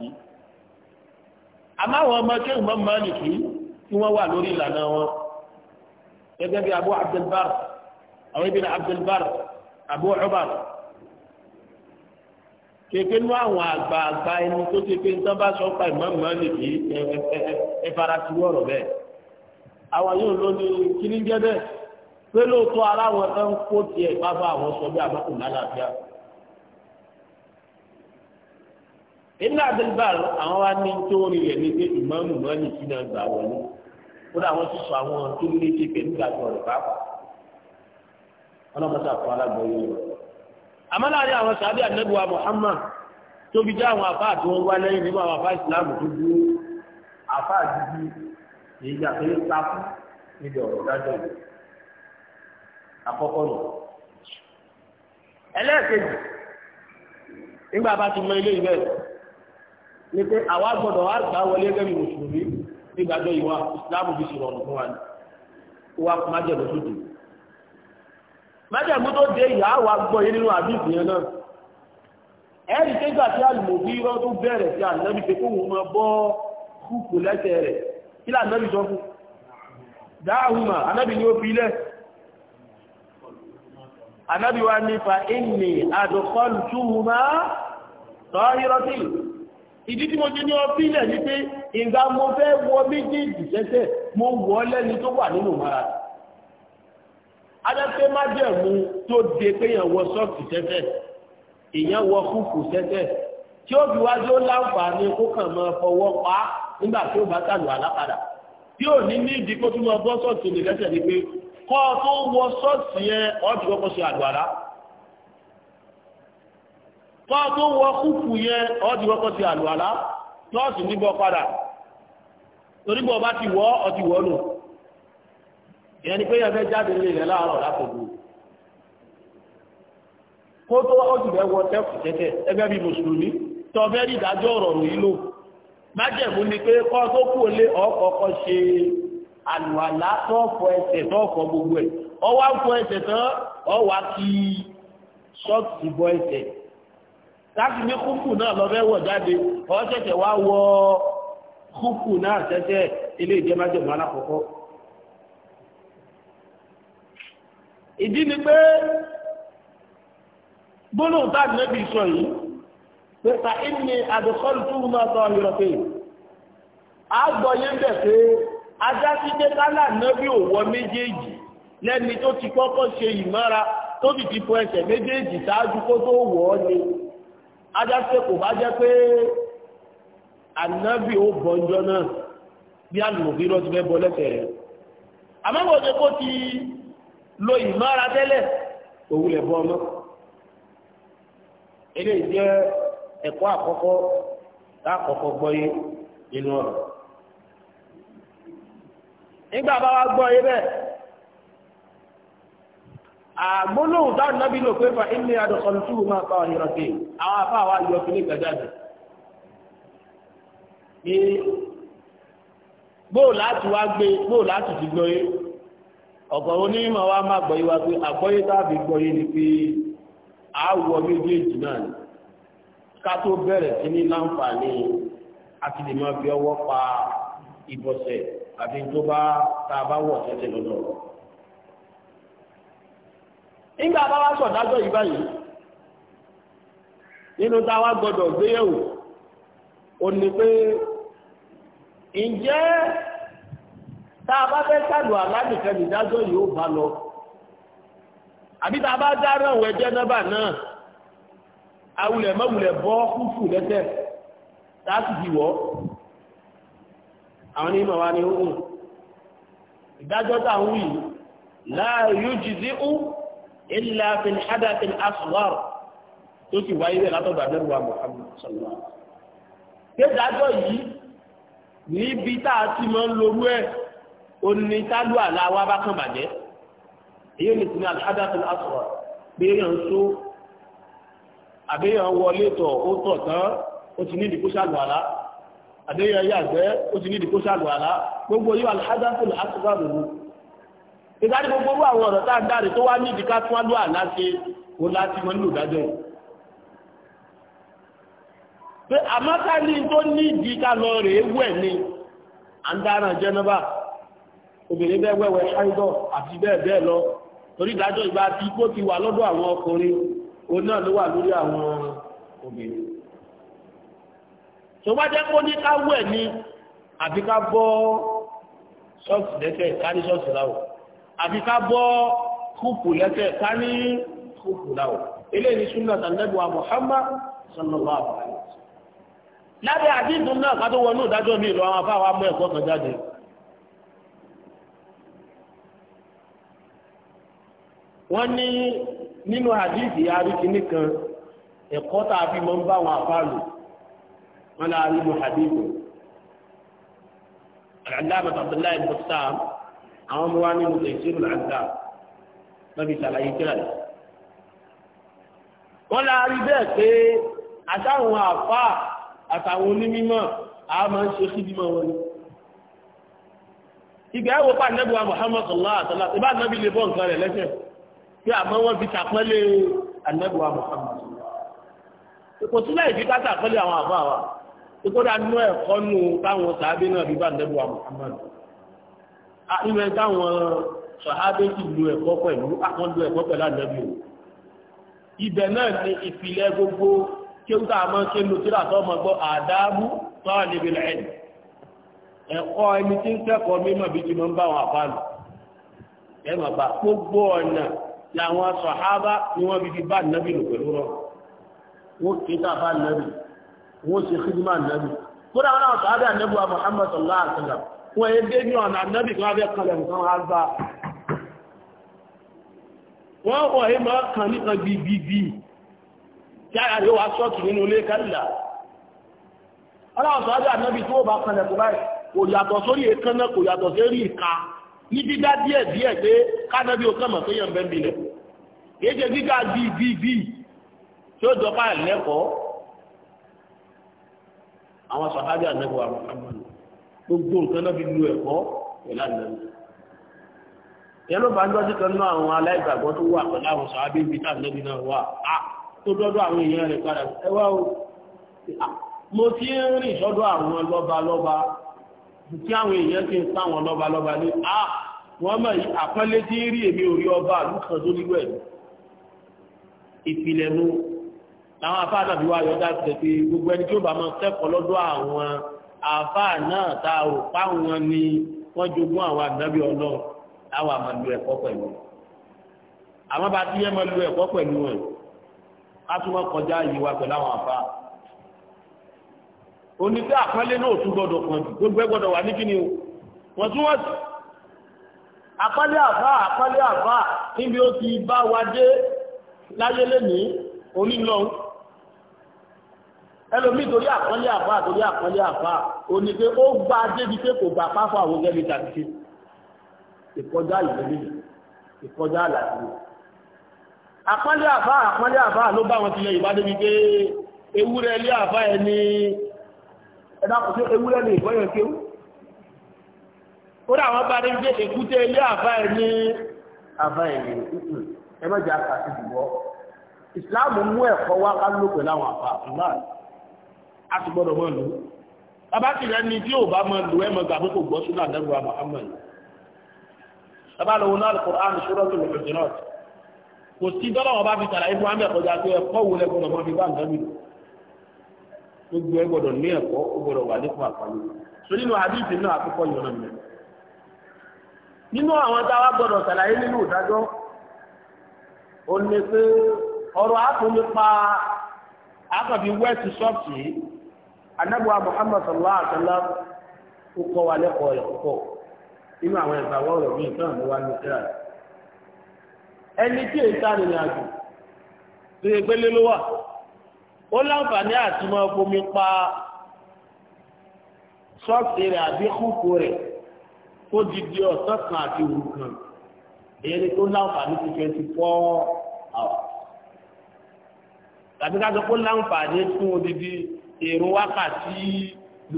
àmọ́ àwọn ọmọ kéwòn mọ́ Malik gẹ́gẹ́ bí abu abdulbar àwọn ibi na abdulbar abu ubar kéèké nú àwọn àgbààgbà ẹni tó ti pé nítorí bá sọ pa ìmọ̀ọ́mọ́ lè fi ẹfarati wọ̀rọ̀ bẹ́ẹ̀ àwọn yóò ló ní kíní jẹ́ bẹ́ẹ̀ pé lóòótọ́ ara wọn ẹ̀ ń kó tiẹ̀ bá bá àwọn sọ bí àbákùn lálàáfíà. ibn abdulbar àwọn wa ní tó rí rẹ̀ ní pé ìmọ̀ọ́mù mọ́lì kí náà gbà wọlé kódà àwọn ti sọ àwọn tó ní ṣe pẹ̀lú ìgbàgbọ́ rẹ̀ pàápàá ọlọ́mọta fún alágbọ̀n yìí rẹ̀. àmọ́ àwọn sàbí àdẹ́gbọ̀wá Muhammad tó fi jẹ́ àwọn àfáà tó ń wá lẹ́yìn nínú àwọn àfáà ìsìláàmù tó dúró àfáà gidi èyí àtẹ́lẹ́ sáfù níbi ọ̀rọ̀ dájọ́ yìí àkọ́kọ́ nù. ẹlẹ́ẹ̀kejì nígbà bá ti mọ ilé ìbẹ̀rẹ̀ ni pé àwa gbọ́dọ̀ wá gbà wọlé gẹ́gẹ́ bí mùsùlùmí nígbàjọ ìwà láàbù fi ṣòro ọ̀nà fún wa ni wa májẹ̀mú tó dé májẹ̀mú tó dé ìyá wa gbọ́ yé nínú àbíbù yẹn náà ẹ̀rí kéka tí alùmọ̀bí irọ́ tó bẹ̀rẹ̀ sí ànábì pé kóhùn máa bọ́ kúkú lẹ́sẹ̀ rẹ̀ kí lànábì sọ fún dáhùnmá ànábì ni ó fi lẹ̀ ànábì wa nípa ìnì àdókọ́lù túhùmá tọ́ ìdí tí mo ti ní ọbí lẹ̀ ní pé ìgbà mo fẹ́ wọ méjèèjì sẹ́sẹ̀ mo wọ lẹ́ni tó wà nínú mara adájọ́ má jẹ̀mú tó de pé èèyàn wọ sọ́ọ̀kì sẹ́sẹ̀ èèyàn wọ kúkú sẹ́sẹ̀ tí ó fi wájú láǹfààní kó kàn fọwọ́ pa nígbà tí ó bá tàlù tí ò ní ní ìdí ni pé kọ́ ọ tó wọ sọ́ọ̀kì yẹn ọ́ kọ́ tó wọ kúfù yẹn ọdí wọ́kọ́ ti àlùwàlá tọ́ọ̀sì níbọ̀ padà torígbọ̀ bá ti wọ́ ọtí wọ́ lò ìyẹn ni pé yẹn fẹ́ jáde lè rẹ̀ láàárọ̀ látọ̀gbọ̀ kó tó ó sì fẹ́ wọ tẹ́kù tẹ́tẹ́ ẹgbẹ́ bí mùsùlùmí tọ́ fẹ́ rí ìdájọ́ ọ̀rọ̀ rò yìí lò májẹ̀mú ni pé kọ́ tó kú olé ọkọ̀ọ̀kọ̀ ṣe àlùwàlá tọ́ọ̀fọ̀ ẹsẹ̀ tọ́ọ̀fọ̀ gbogbo ẹ̀ ọwọ́ àfọ̀ ẹsẹ̀ tán ọwọ́ àti ṣọ́ọ̀tì bọ ẹsẹ̀ táàbì ní kúkú náà lọ bẹ́ẹ̀ wọ̀ jáde ọ ṣẹ̀ṣẹ̀ wá wọ kúkú náà ṣẹ̀ṣẹ̀ ilé ìjẹmájẹmọ́ alákọ̀ọ́kọ́. ìdí ni pé gbólóhùn táàbì níbi ìṣọ yìí pé ta ìní àdìkọ́lù tó máa sọ ìrọ̀pẹ́ àgbọ̀ yẹn bẹ̀ pé ajá sí dé kálà nẹ́bí òwò méjèèjì lẹ́ni tó ti kọ́kọ́ ṣe ìmọ́ra tó sì ti fọ ẹsẹ̀ méjèèjì ṣáájú kó tó wọ̀ ọ́ ni ajásẹ́ kò bá jẹ́ pé ànábì ó bọ̀njọ́ náà bí alùmọ̀fí lọ ti fẹ́ bọ́ lẹ́sẹ̀ rẹ̀ àmọ́bọ̀ ṣe kó ti lo ìmọ̀ra tẹ́lẹ̀ òwúlẹ̀ bọ́ ọmọ eléyìí jẹ́ ẹ̀kọ́ àkọ́kọ́ láàkọ́kọ́ gbọ́yé nínú ọ̀rọ̀ nígbà bá wa gbọ́ bẹ́ẹ̀ àgbólóhùn táwọn nábì lò pé fa ilé adọ̀kọ̀lùtù máa pa ọ̀hìn rọ̀tì àwọn afá wa yọ fílẹ̀ gbàjáde. ní bóò láti wá gbé bóò láti ti gbọ́ yé ọ̀gọ̀ onímọ̀ wa máa gbọ́ yé wa pé àgbọ́yé táàbì gbọ́ yé ni pé àwọ̀ méjèèjì náà ni ká tó bẹ̀rẹ̀ sí ní láǹfààní àti lè máa fi ọwọ́ pa ìbọ̀sẹ̀ àti tó bá tá a bá wọ̀ tẹ́tẹ́ lọ́dọ̀ nígbà bá wá sọ̀dájọ́ yìí báyìí nínú tá a wá gbọ́dọ̀ gbéyẹ̀wò ò ní pé ǹjẹ́ tá a bá fẹ́ sàlù aládìkan ìdájọ́ yìí ó bá lọ àbí tá a bá dáná òun ẹjẹ́ nọ́bà náà awulẹ̀ mọ́wulẹ̀ bọ́ kúfù lẹ́sẹ̀ láti di wọ́ àwọn onímọ̀ wa ni ó hùn ìdájọ́ táwọn wù yìí láàyè yóò jì sí ń ilà filhada fil asghar tó ti wáyé rẹ̀ látọ̀dọ̀ àdẹ́rùwà Muhammad sallallahu alaihi wasallam. gbẹ́dàjọ́ yìí níbi tá a ti máa ń lorú ẹ̀ òní tálù àlá wa bá kàn bàjẹ́ èyí ni sinmi alhada fil asghar pé èèyàn tó àbẹ́yàn wọlé tọ̀ ó tọ̀ tán ó ti ní ìdíkó sàlù àlá àbẹ́yàn yàgbẹ́ ó ti ní ìdíkó sàlù àlá gbogbo yóò alhada fil asghar lòun ìgbàdí gbogbo owó àwọn ọ̀rọ̀ tá dáre tó wá ní ìdíká tún wá ló àlá ṣe láti mọ nílò dájọ́ pé àmọ́ká tó ní ìdíká lọ rèé ni à jẹ́nàbà obìnrin àti bẹ́ẹ̀ lọ torí ìgbà ti wà lọ́dọ̀ àwọn ọkùnrin náà ló wà lórí àwọn obìnrin àfi ká bọ́ kúpù lẹ́sẹ̀ ká ní kúpù láwọ̀ eléyìí súnà tàǹdẹ́gbọ̀n Muhammad sallallahu alaihi wasallam lábẹ́ àdínkù náà ká tó wọnú ìdájọ́ mi lọ àwọn afáwọn amú ẹ̀kọ́ kan jáde wọ́n fi mọ́ ń bá àwọn afáàlù wọn láàrin mọ́ àdínkù Al-Allama àwọn ọmọ wa nínú tẹ̀síìrù làǹtà lọ́bi ṣàlàyé kíra rẹ̀. wọ́n la rí bẹ́ẹ̀ pé àtàwọn àfà àtàwọn onímọ̀ àá máa ń ṣe síbímọ̀ wọn ni. ìgbà ẹ̀wọ̀ pa ànábì wa Muhammad sallallahu alaihi wasallam ìbá ànábì lè bọ́ nǹkan rẹ̀ lẹ́sẹ̀ pé àmọ́ wọ́n fi ṣàpọ́nlé ànábì wa Muhammad. kò sílẹ̀ ìfi ká ṣàpọ́nlé àwọn àfà wa kókó dáa nú ẹ̀kọ́ nù táwọn sàábé náà fi bá ànábì wa Muhammad. Ah, nínú ẹni táwọn sọ̀hábẹ́sì lu ẹ̀kọ́ pẹ̀lú àwọn ah, lu ẹ̀kọ́ pẹ̀lú ànábì o ibẹ̀ náà ni ìpìlẹ̀ gbogbo kéwù tá a máa ń ké lu tíra tó ọmọ gbọ́ àdáàbù tó wà níbi lẹ́yìn ẹ̀kọ́ ẹni tí ń kẹ́kọ̀ọ́ mímọ̀ bí ti máa ń bá wọn àbálù ẹ máa bá gbogbo ọ̀nà làwọn sọ̀hábà ni wọ́n yẹ dé ní ọ̀nà ànábì kan abẹ́ kan lẹ̀mù kan ágbà wọ́n wọ̀ yẹ máa kàn nìkan gbìgbìgbì tí a yàrá wà sọ́ọ̀tù nínú ilé kẹ́lìlà aláwọ̀ sọ́ọ́dọ̀ ànábì tí ó bá kan lẹ̀kùn báyìí kò yàtọ̀ sórí èékán náà kò yàtọ̀ sí rí àwọn sọ̀hábì ànábì gbogbo nǹkan náà fi lu ẹ̀kọ́ pẹ̀lú àdìlẹ́nu. ìyẹn ló bá ń dọ́jú kan náà àwọn aláìgbàgbọ́ tó wà pẹ̀lú àwọn sàábé ibi tá àdìlẹ́bí náà wà á tó dọ́dọ̀ àwọn èèyàn rẹ̀ padà ẹ wá o mo ti ń rìn sọ́dọ̀ àwọn lọ́balọ́ba tí àwọn èèyàn ti ń pa àwọn lọ́balọ́ba ní á wọ́n mọ̀ àpọ́nlé tí ń rí èmi orí ọba àlùkàn tó nílò ẹ̀ ìpìlẹ̀ nu làwọn afáàdàbí wa yọ̀dá ti tẹ̀ pé gbogbo ẹni tí ó bá máa kẹ́kọ̀ọ́ lọ́dọ̀ àwọn àfáà náà tá a rò páwọn ni wọ́n jogún àwọn ànábì ọlọ́run àwọn àmà lu ẹ̀kọ́ pẹ̀lú àmọ́ bá ti yẹ máa lu ẹ̀kọ́ pẹ̀lú wọn ká tún wọ́n kọjá yìí wa pẹ̀lú àwọn àfáà onígbà àpọ́nlé náà tún gbọ́dọ̀ kan jù gbogbo ẹ̀ gbọ́dọ̀ wà ní kíni o wọ́n tún wọ́n sì àpọ́nlé àfáà àpọ́nlé àfáà níbi ó ti bá wa dé láyé lénìí onílọ́hún ẹlòmíì torí àpọ́nlé àfà torí àpọ́nlé àfà òní pé ó gba débi pé kò gbà pápá àwọn gẹ́gẹ́ tàbí ṣe ìkọjá ìlẹ́lẹ́ ìkọjá àlàyé àpọ́nlé àfà àpọ́nlé àfà ló bá wọn tilẹ̀ ìbá débi pé ewúrẹ́ ilé àfà ẹ ní ẹ̀dàkùn sí ewúrẹ́ ní ìbọ́yọ̀ kéwú ó dà wọ́n bá débi pé èkúté ilé àfà ẹ ní àfà ẹ ní ẹ mọ̀jà kà sí ìbọ́ ìsìláàmù mú ẹ̀kọ́ wá ká ló pẹ̀lú àwọn àfà àfà náà a ti gbọ́dọ̀ mọ́ lò bàbá sì rẹ̀ ni tí ò bá mọ́ lò ẹ̀ mọ́ gbà pé kò gbọ́ súnà lẹ́gbọ̀ Muhammad bàbá lọ́wọ́ náà Al-Qur'an Suratul Hujurat kò sí dọ́là wọn bá fi tàrà ibú àmì ẹ̀kọ́jà pé ẹ̀kọ́ wo lẹ́gbọ̀dọ̀ mọ́ fi bá nǹkan mi lò gbogbo ẹ gbọ́dọ̀ ní ẹ̀kọ́ ó gbọ́dọ̀ wà nípò àpàlù so nínú àdìsí náà àkọ́kọ́ yọrọ mi nínú àwọn tá a wá gbọ́dọ̀ ṣàlàyé nínú ìdájọ́ ó ọ̀rọ̀ àtúnlé pa àkànbí west yìí anábọ̀ Muhammad sallallahu alaihi wa sallam ó kọ́ wa lẹ́kọ̀ọ́ rẹ̀ púpọ̀ nínú àwọn ẹ̀fà wọ́ọ̀rọ̀ mi ìtàn àmọ́ wa ní kíra rẹ̀ ẹni tí èyí sáré ní àjò tó yẹ pélé ló wà ó láǹfààní àti máa fomi pa ṣọ́ọ̀tì rẹ̀ àbí kúkú rẹ̀ kó di di kan àti òru kan èyí tó láǹfààní ti twenty four hours tàbí ká sọ pé láǹfààní fún odidi ìrun wákàtí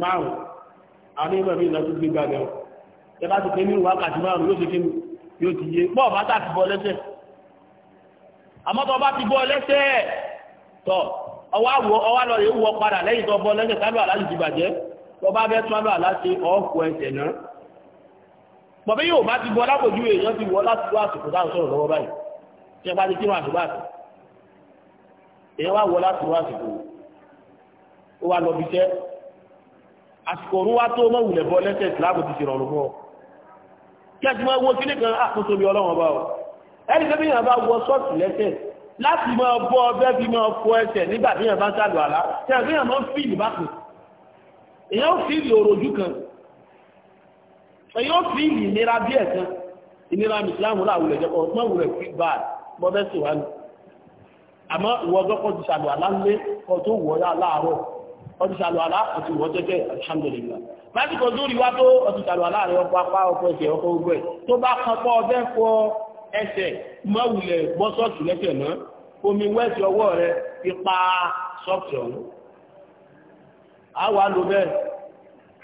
márùn àwọn ìmọ̀ mi ìlọ́tún gbé gbàgbẹ́ ọ̀ ẹ bá ti pé ní wákàtí márùn yóò ṣe kí yóò ti yé bọ́ọ̀ bá tà ti bọ́ lẹ́sẹ̀ àmọ́ tó bá ti bọ́ lẹ́sẹ̀ tọ̀ ọwá lọ rèé wọ padà lẹ́yìn tó bọ́ lẹ́sẹ̀ sálù àlá ti bàjẹ́ tó bá bẹ́ tún àlù àlá ṣe wọ́ láti wá àsìkò táwọn ó wá lọ bí iṣẹ́ àsìkò òru wá tó mọ̀wùlẹ̀ bọ́ lẹ́sẹ̀ ìsìláàmù ti ṣèrànlọ́ fún ọ kí ẹ ti máa wo kílé kan àkóso ah, mi ọlọ́wọ́n bá ọ ẹni tó bí yàn bá wọ ṣọ́ọ̀tì lẹ́sẹ̀ láti máa bọ́ ọbẹ̀ fi máa fọ ẹsẹ̀ nígbà tí yàn bá ń sàlù àlá tí yàn fi yàn máa ń fìlì bákan èyàn ó fìlì òròjú kan èyàn ó fìlì ìnira bí ẹ̀kan ìnira ìsìláàmù làwùlẹ̀ jẹ́ ọ̀gbọ́n wùlẹ̀ ọdún ṣàlùwàlá ọtún wọ́n tẹ́tẹ́ alhamdulillah másìkò lórí wá tó ọtún ṣàlùwàlá rẹ ọkọ̀ apá ọkọ̀ ẹsẹ̀ ọkọ̀ ogun ẹ̀ tó bá kan pọ̀ ọbẹ̀ fọ ẹsẹ̀ mọ́wulẹ̀ bọ́ sọ́ọ̀tù lẹ́sẹ̀ mọ́ omi wẹ́ẹ̀sì ọwọ́ rẹ fi pa sọ́ọ̀tù ọ̀hún. a wà lò bẹ́ẹ̀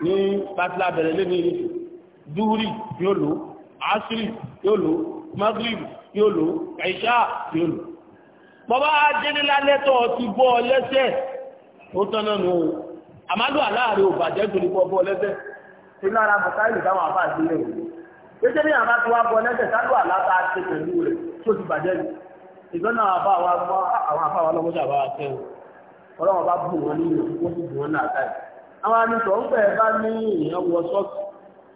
ní patla bẹ̀rẹ̀ lé ní ó tán náà nù ó àmàlù aláàrẹ ò bàjẹ́ torí pọ̀ bọ́ lẹ́sẹ̀ tí lára mọ̀táìlì dáwọn àbá ìdílé rẹ̀ pété ní àbá tí wàá bọ́ lẹ́sẹ̀ sálù àláta ṣe pẹ̀lú rẹ̀ tó ti bàjẹ́ ni ìgbọ́nà àbá wa mọ́ àwọn àbá wa lọ́wọ́ sàbá tẹ́ ọlọ́wọ́ bá bù wọn nínú sì bù wọn náà táì àwọn anìtọ̀ ń bá ní èèyàn wọ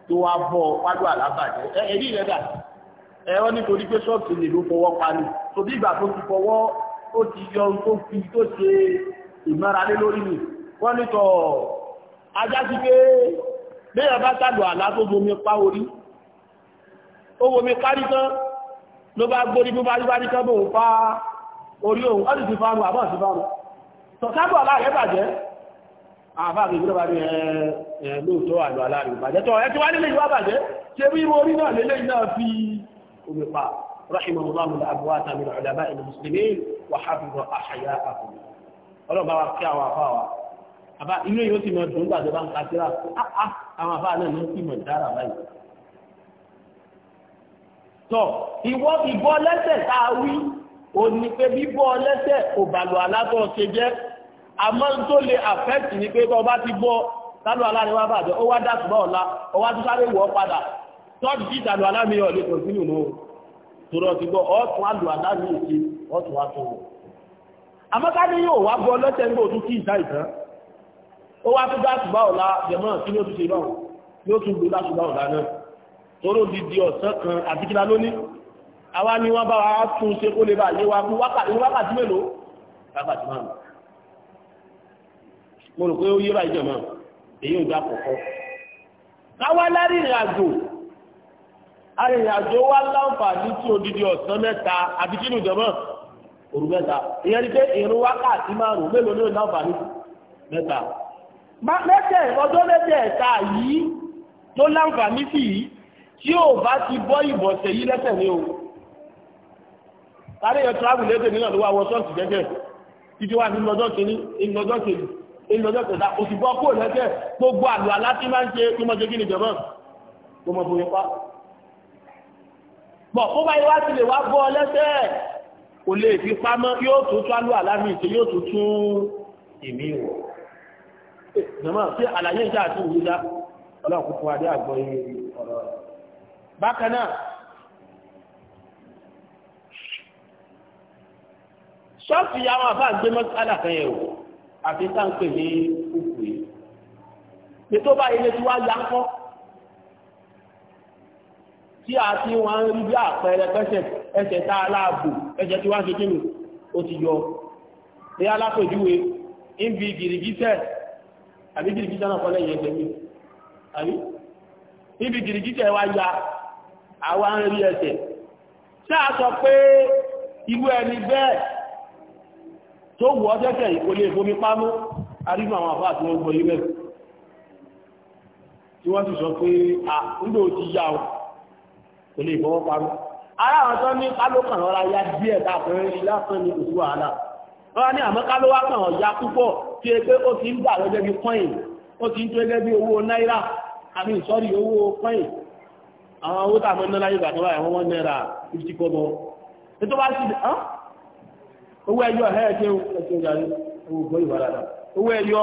tó bọ́ àlábàjẹ́ ẹ̀rí rẹ̀ dà ìmáralé lórí mi wọ́n ní tọ̀ ajá sí pé bẹ́ẹ̀ bá sàdọ̀ àlá tó bomi pa orí ó bomi kárí tán ló bá gbórí bí bá rí bá rí tán bóun pa orí òun ọ́dì ti fárun àbọ̀ sí fárun tọ̀ sàdọ̀ àlá rẹ̀ bàjẹ́ àbá àgbè ìjọba ní ẹ̀ lóòótọ́ àlọ́ àlá rẹ̀ bàjẹ́ tọ̀ ẹ ti wá nílé ọlọ́ba wa kí àwọn afá wa àbá inú yóò ti mọ dùn gbàdúrà ń kásíra áá ah, ah, àwọn afá náà ló a wí ò ní pé bíbọ lẹ́sẹ̀ kò bàlù alátọ ṣe jẹ àmọ́ tó lè àfẹẹtì ni pé bọba ti bọ sálù aláàrin wa bàjẹ́ ó wá dàtú bá ọ̀la ó wá tún sáré wọ̀ padà tọ́jú tí ìdàlù aláàmì ọ̀ lè kọ̀ọ̀sínú o tòrọ̀ ti gbọ́ ọ̀tún àlù aláàmì ìṣe ọ̀tún àtọ̀wọ̀ àmọ́ká ní yóò wá gbọ́ lọ́tẹ̀ ń gbò tún kí ìdá ìtàn ó wá tó dá ṣùgbà ọ̀la jẹ̀mọ́ kí ló tún ṣe báwọn yóò tún gbò láṣùgbà ọ̀la náà tóró didi ọ̀sán kan àti kíla lónìí àwa ni wọ́n bá wa tún ṣe kó lè bá yé wa fún wákàtí mélòó wákàtí márùn mo rò pé ó yé báyìí jẹ̀mọ́ èyí ò dá kọ̀kọ́ káwá lárìnrìn àjò arìnrìn àjò wá láǹfààní tí odidi ọ̀sán mẹ́ta àti kínú jẹ̀mọ́ òru mẹ́ta ìyẹn ni pé ìrun wákàtí márùn-ún mélòó ní ìdáǹfààní mẹ́ta mẹ́tẹ̀ ọjọ́ mẹ́tẹ̀ ẹ̀ta yìí tó láǹfààní sí yìí tí ò bá ti bọ́ ìbọ̀sẹ̀ yìí lẹ́sẹ̀ ní o sáré yẹn travel lẹ́sẹ̀ nínú ló wá wọ ṣọ́ọ̀ṣì jẹ́jẹ́ títí wá nínú ọjọ́ kìíní nínú ọjọ́ kejì nínú ọjọ́ kẹta o sì bọ́ kó lẹ́sẹ̀ gbogbo àlọ́ aláti máa ń ṣe kí mọ́ ṣe kí ni jọ̀mọ́ kó mọ́ bóyá pa bọ̀ kó bá yẹ wá ti lè wá bọ́ lẹ́sẹ̀ kò lè fi pamọ́ yóò tún tún alú àlámì ìṣe yóò tún tún ìmí wọ̀. jọ̀mọ́ ṣé àlàyé ìjà àti ìwúdá ọlọ́run kúkú adé àgbọ̀ yìí ọ̀rọ̀ rẹ̀. bákan náà ṣọ́ọ̀fì àwọn àbá gbé mọ́sálà kan yẹ̀ wò àfi táǹpẹ̀ ní kúkú yìí. ètò báyìí lè ti wá yá ń kọ́ tí a ti wọ́n ń rí bí àpẹẹrẹ pẹ́sẹ̀ ẹsẹ̀ tá aláàbò ẹsẹ̀ tí wọ́n ṣe kí ní ó ti yọ ní alápèjúwe ń bi gìrìgísẹ̀ àbí gìrìgísẹ̀ náà kọ́lẹ̀ yẹn tẹ̀mí àbí níbi gìrìgísẹ̀ wá ya àwa ń rí ẹsẹ̀ ṣé a sọ pé irú ẹni bẹ́ẹ̀ tó wù ọ́ tẹ́tẹ̀ kò lè fomi pamọ́ arígbà àwọn àfáà tí wọ́n gbọ́ yí bẹ́ẹ̀ tí wọ́n sì sọ pé à ń lò ó ti yá o kò lè fọwọ́ parọ́ ara àwọn tó ní kálókàn ọ̀rá ya díẹ̀ dákùnrin lásán ní òṣù wàhálà wọ́n ní àmọ́ kálówá kan ọ̀ya púpọ̀ tí e pé ó ti ń gbà lọ́jọ́ bí pọ́ìn ó ti ń tó gẹ́gẹ́ bí owó náírà àbí ìsọ́rí owó pọ́ìn àwọn owó tàbí náírà yóò gbàgbọ́ àwọn wọn náírà fifty kọ́ bọ́ ní tó bá sì dé hàn owó ẹyọ ẹ̀ ẹ̀ jẹun ẹ̀jẹ̀ ìyàrí owó gbọ́ ìwà dáadáa owó ẹyọ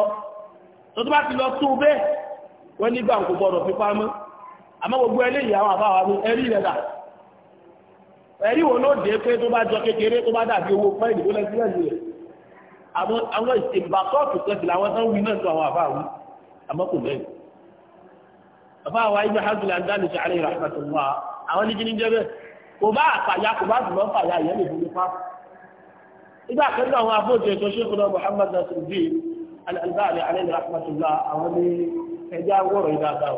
tó tó bá ti lọ tún bẹ́ẹ̀ wọ́n nígbà kò gbọ́dọ̀ fipá mọ́ àmọ́ gbogbo eléyìí àwọn àbáwá ní ẹ̀rí rẹ̀ dà ẹ̀rí wo ló dé pé tó bá jọ kékeré tó bá dàbí owó pẹ́ ìdìbò lẹ́sí lẹ́sí rẹ̀ àwọn ìbákọ́ọ̀tù kan sì làwọn tán wí náà tó àwọn àbáwá àmọ́ kò lẹ́yìn àbáwá ibi hajjul andani ṣe àlẹ́ ìràpàtàwà àwọn ní kíní jẹ́bẹ̀ kò bá àfàyà kò bá dùnmọ́ fàyà ìyẹn lè dúró pa nígbà pẹ̀lú àwọn afọ́jọ ìṣọ́ ṣe kúrò Muhammad nasiru bíi alẹ́ ìràpàtàwà àwọn ní ẹjọ́ àwòrán ìdáadáa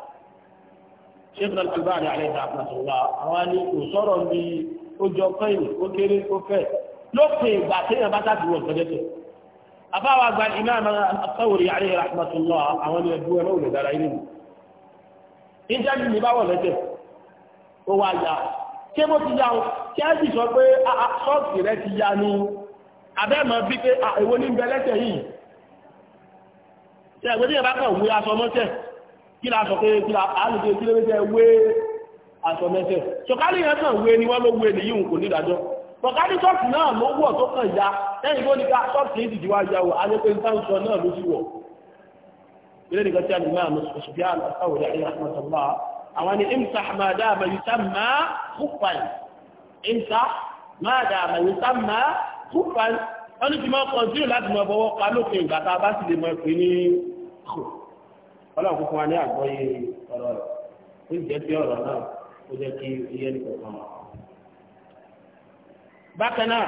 sheikh al-Albani alayhi rahmatullah àwọn ni kò sọ̀rọ̀ ní ojú ọkọ ìwé ó kéré ó fẹ̀ lópin ìgbà téèyàn bá sáà wọ nǹkan jẹ́tẹ̀. àbáwá gba imam asawuri alayhi rahmatullah àwọn ni ẹbí wọn lóòrè dára ilé mi. ìjáde mi bá wọ̀ lẹ́tẹ̀ ó wá yà ṣé mo ti yà ó ṣé ẹ sì sọ pé ṣọ́ọ̀ṣì ah, ah, rẹ ti yà ni abẹ́ẹ̀mọ́ bí pé ah, èwo ní bẹ yìí. ṣé ẹ̀gbẹ́ kí la sọ pé kí la àlùjẹ kí ló fẹ́ wé aṣọ mẹ́fẹ́ sọ̀kálì yẹn kàn wé ni wọ́n ló wé nìyí òun kò ní ìdájọ́ sọ̀kálì ṣọ́ọ̀tì náà ló wọ̀ tó kàn ya lẹ́yìn tó ní ká ṣọ́ọ̀tì yìí dìdí wá ya wò á yẹ pé nǹkan sọ náà ló ti wọ̀ ilé nìkan tí a nìyẹn àmọ́ ṣùgbọ́n àlọ́ sáwò rẹ̀ ayé àtúntàlá àwọn ni imsa máa dá àmà yìí sá máa kúfàn imsa máa dá àmà ti máa kọ̀ọ̀tì láti máa bọ́wọ́ pa lópin ìgbà tá a bá sì lè máa pè ní kò ọlọ́run kúkú wa ní àgbọ́yé ọ̀rọ̀ rẹ̀ ó jẹ́ pé ọ̀rọ̀ náà ó jẹ́ kí iye nìkan kan. bákan náà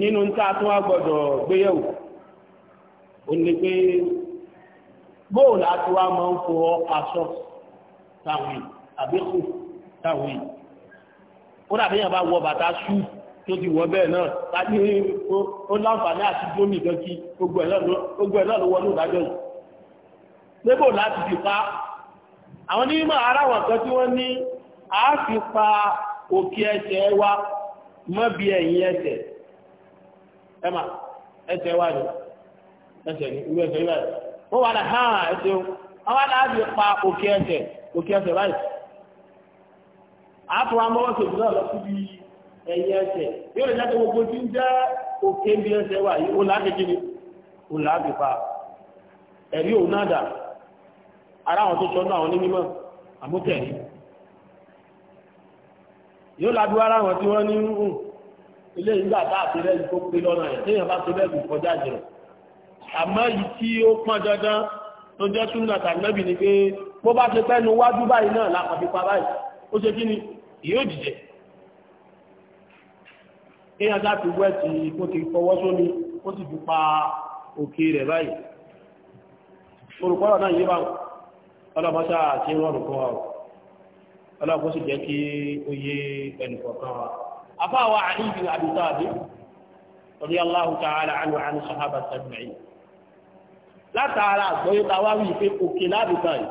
nínú nta tó wá gbọdọ̀ gbéyẹ̀wò ó ní pé bóòlù àti wa máa ń fọ aṣọ táwọn yìí àbíkù táwọn yìí ó dàbí yàn bá wọ bàtà ṣú tó ti wọ bẹ́ẹ̀ náà láti ó láǹfààní àti gómìnà kí gbogbo ẹ̀ náà ló wọnú ìdájọ́ yìí. gbébò láti fi pa àwọn onímọ̀ aráwọ̀n kan tí wọ́n ní a fi pa òkè ẹsẹ̀ wa mọ́ bí ẹ̀yìn ẹsẹ̀ ẹ̀mà ẹsẹ̀ wa ni ẹsẹ̀ ni irú ẹsẹ̀ wà hàn ẹsẹ̀ wọn wà pa òkè ẹsẹ̀ òkè ẹsẹ̀ àtò lọ síbi ẹ̀yìn ẹsẹ̀ yóò lè jáde gbogbo tí ń jẹ́ òkè bí wa yìí ó láti ó láti pa ẹ̀rí ara àwọn tó sọnù àwọn onímọ̀ àmútẹ̀rí yóò lajú ara àwọn tí wọ́n ní ń hùn ilé ìgbà tá àti rẹ́yìn tó pé lọ́nà ẹ̀ téèyàn bá tó bẹ́ẹ̀ kọjá jẹ àmọ́ yìí tí ó pọ́n dandan tó jẹ́ súnà tàbí ni pé bó bá ṣe pẹ́nu wájú báyìí náà lápá fipá báyìí ó ṣe kí ni yóò jìjẹ kéèyàn láti wẹ́ ti kó ti fọwọ́ sómi kó sì fi pa òkè rẹ̀ báyìí olùkọ́rọ̀ náà yé báwọn ọlọ́mọṣá àti rọrùn kan ọ ọlọ́mọ sì jẹ́ kí ó yé ẹnìkọ̀ọ̀kan wa. afáwa Ali bin Abi Talib radiyallahu ta'ala anhu wa anhu sahaba sẹ́gbẹ̀ẹ́ látara àgbọ́yé ta wá wípé òkè lábìtàn yìí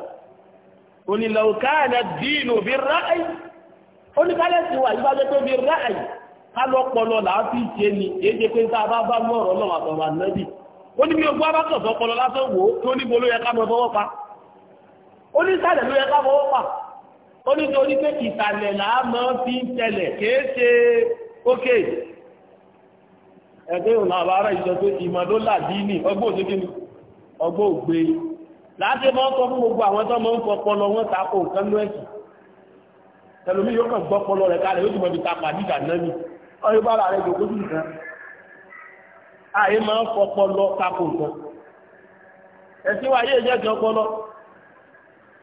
onílọ̀kánà dínú bí ráàyì oníkálẹ̀sì wà yí bá jẹ́ pé bí ráàyì kálọ́pọlọ láàfin ṣe ni èéjẹ pé tá bá bá mú lọ́wọ́ àtọ̀rọ̀ ànábì ó ní bí ogun abákọ̀ọ́sọ́pọlọ lásán wò ó tó níbo ló yẹ ká mọ́ fọwọ́ pa onísàlẹ̀ ló yẹ ká fọwọ́ pa onítorí pé ìsàlẹ̀ làá máa fi ń tẹlẹ̀ kìí ṣe ókè ẹgbẹ́ ìrùnà àbára ìjọ pé ìmọ̀dólà dínì ọgbọ́ òṣèkínú ọgbọ́ ògbé láti mọ́ ń kọ́ fún gbogbo àwọn tó mọ́ ń kọ́ pọlọ wọn tako nǹkan ló ẹ̀sìn tẹlomi yóò kàn gbọ́ pọlọ rẹ̀ kalẹ̀ yóò ti mọ̀ bí ta pàdé ìjà náà ni ọyọ bá rẹ̀ gbogbo sí nǹkan àyè máa ń kọ́ pọlọ tako nǹkan ẹ̀sìn wa yóò jẹ́ jọ pọlọ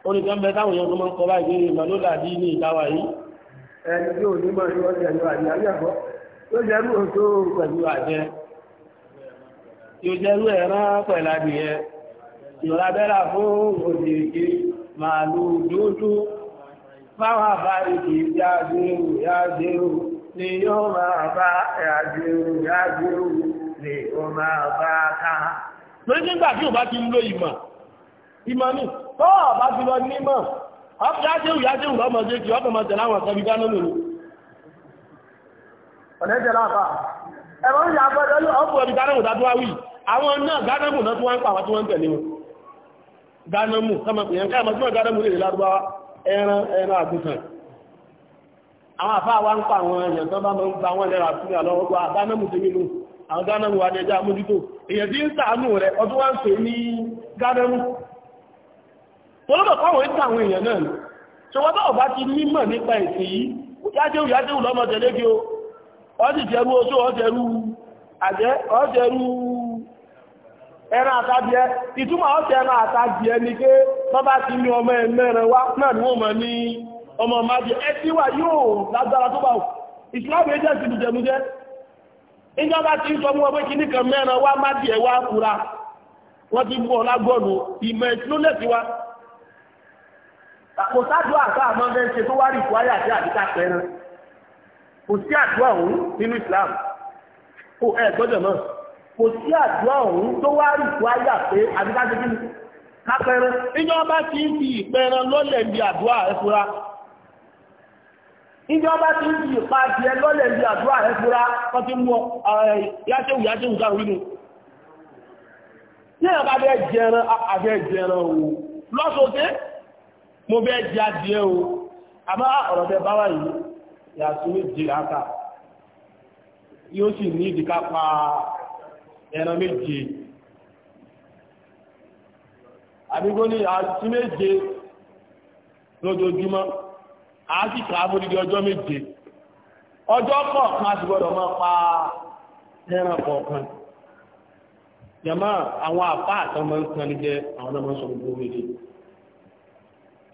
oníkẹ́ ń bẹ táwọn èèyàn tó máa ń kọ báyìí ní ìmọ̀ ló dàbí ní ìdáwà yìí ẹni tí ò ní mọ̀ ní ọjà ní àjẹ́ àjẹ́kọ́ yóò jẹ́rú òtó pẹ̀lú ni yóò máa bá yáàdérò yáàdérò ni yóò máa bá ká. lórí nígbà tí ò bá ti ń lo ìmọ̀ ìmọ̀ ní tó bá ti lọ nímọ̀ yájéhù yájéhù lọ́mọdé kí ọkọ̀ mọ̀ tẹ̀lá àwọn akọbí gánà lòrò ọ̀lẹ́jẹ̀lá àbá ẹ̀wọ̀n ìyá agbọ́dọ̀ ló ọkọ̀ ẹ̀bí gánà mùtà tó wá wí àwọn náà gánà mù náà tó wá ń pàwà tó wá ń tẹ̀lé wọn gánà mù gánà mù lè lárúbáwá ẹran ẹran àgùntàn àwọn àfáà wá ń pa àwọn èèyàn tó bá mọ́ ń gba wọn lẹ́ra sílẹ̀ lọ́wọ́ gánà mù ti nínú àwọn gánà mù wà ní ẹjọ́ àmójútó èèyàn tí ń sàánú rẹ̀ ọdún wá ń pè ní gánà mù tọ́lọ́bọ̀ fáwọn ètò àwọn èèyàn náà ni bá ọba ti mímọ̀ nípa ìsìn yìí o wọ́n sì jẹ́rú oṣó ọjẹ́rú ẹran àtàbíẹ́ ìtumọ̀ ọjẹ́ ẹran àtàbíẹ́ ni pé wọ́n bá ti ní ọmọ ẹ̀mẹ́rin wá náà ni wọ́n mọ̀ ní ọmọ májẹ ẹtí wà yóò lágbára tó bá wù ẹjẹ́ ti ń sọ mú mẹ́rin wá wá wọ́n kò sádùá àgbà àmọ́ bẹ́ẹ̀ ṣe tó wá rí ìkúwárí àti àdúgbà pẹ́ran kò sí àdúrà òun nínú Islam kò ẹ gbọ́dọ̀ náà kò sí àdúrà òun tó wá rí ìkúwárí àti àdúgbà ṣe kí ni kápẹ́ran ìjọba ti ń fi ìpẹ́ran lọ́lẹ̀ bí àdúrà ẹ̀fúra ìjọba ti ń fi ìpa tiẹ̀ lọ́lẹ̀ bí àdúrà ẹ̀fúra wọ́n ti mú yáṣẹ́wù yáṣẹ́wù sáwọn nínú tí ẹ̀ bá bẹ́ẹ̀ jẹran àbẹ́ jẹran òun lọ́sọ̀ọ́sẹ́ mo bẹ́ jẹ adìẹ o àmọ́ ah, ọ̀rọ̀ bẹ bá wà yìí yàtọ̀ méje láta yóò sì ní ìdíkà pa ẹran méje àbíkó ní àti méje lójoojúmọ́ àti kàámú dídí ọjọ́ méje ọjọ́ kọ̀ọ̀kan àti gbọ́dọ̀ máa pa ẹran kọ̀ọ̀kan yàmá àwọn àpá àtọmọ ń kan ní àwọn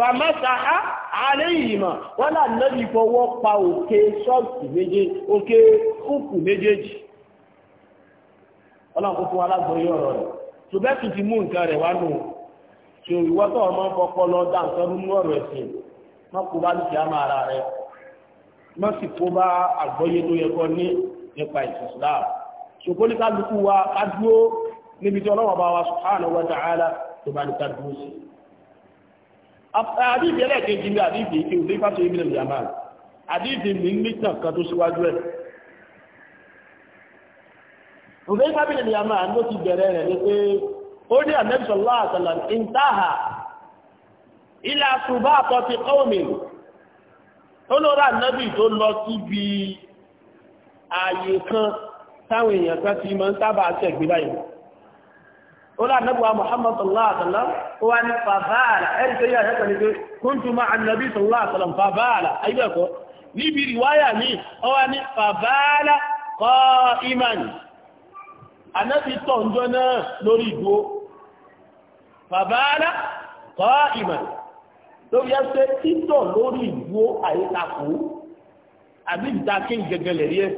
fàmásàá àríyìmọ̀ wọ́n là nẹ́bí fọwọ́ pa òkè ṣọ́ọ̀kì méje òkè kúkù méjèèjì ọlọ́run kó fún alágbóyè ọ̀rọ̀ rẹ̀ ṣùgbẹ́ tún ti mú nǹkan rẹ̀ wá nù ṣe ìwọ́tọ̀ ọmọ fọpọ́ lọ dá nǹkan rú mú ọ̀rọ̀ ẹ̀sìn má kó bá lùkì àmà ara rẹ̀ má sì kó bá àgbọ́yé tó yẹ kọ́ ní nípa ìsìsìláà ṣòkólí kálukú wa ká dúró níbi tí ọlọ́wọ́ bá wa subhanahu wa ta'ala tó bá ní ká dúró sí i Eh, àdìsí ẹlẹ́ẹ̀kejì ní àdìsí ìké òfin fásitì ìbílẹ̀ ìyàmáà àdìsí mi nítàn kan tó síwájú ẹ̀ òfin fásitì ìyàmáà ló ti bẹ̀rẹ̀ rẹ̀ ní pé ó ní àmẹ́sọ̀lá àtàlà ìntáhà ilà àtúbà àtọ́ ti kọ́ọ̀mì olóra ànábì tó lọ síbi ààyè kan táwọn èèyàn kan ti máa ń sábà tẹ̀gbé báyìí قال النبي محمد صلى الله عليه وسلم هو أن ففعل أنت يا هكذا كنت مع النبي صلى الله عليه وسلم ففعل أي بكو ní bí ríwáyà ní ọwá ní fàbáàlá kọ́ ìmàní anábi tọ́njọ́ náà lórí ìgbó fàbáàlá kọ́ ìmàní lórí ẹsẹ́ títọ̀ lórí ìgbó àyíkàkú àbí ìdákí gẹ́gẹ́lẹ̀ rí ẹ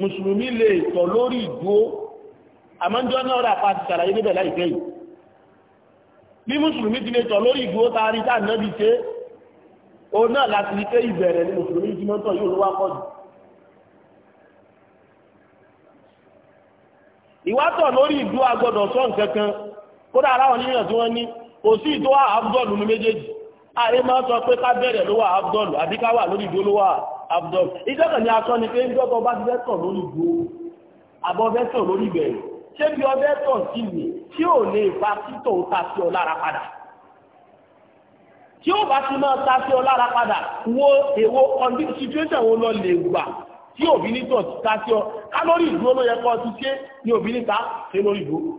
mùsùlùmí lè tọ̀ lórí ìgbó àmọ́jọ́ náà rà pa ti ṣàlàyé níbẹ̀ láìpẹ́ yìí bí mùsùlùmí ti lè tọ̀ lórí ìgbówó ta rí táà náà bí ṣe ó náà láti rí pé ìbẹ̀rẹ̀ ní mùsùlùmí ti mọ́tọ̀ yóò ló wá pọ̀ jù ìwátọ̀ lórí ìdú agbọ́dọ̀ sọ nǹkan kan kódà aláwọn níyàn tí wọ́n ní kò sí ìdó abdul ní méjèèjì ààrẹ máa sọ pé ká bẹ̀rẹ̀ ló abdul àbí ká wà lórí ìdó ló abdul ìjọ́kàn ni a sọ ni pé ń jọ́kọ̀ bá ti fẹ́ sọ lórí ìdó abọ́ fẹ́ sọ lórí ìbẹ̀rẹ̀ ṣé bí ọbẹ̀ tọ̀ sí mi tí ò lè fa títọ̀ ó ta sí ọ lára padà tí ó bá ti máa ta sí ọ lára padà wo èwo ọdí situation wo lọ lè gbà tí òbí ní tọ̀ ta sí ọ kálórì ìdúró ló yẹ kọ́ ti ṣe ní òbí níta ṣe lórí ìdúró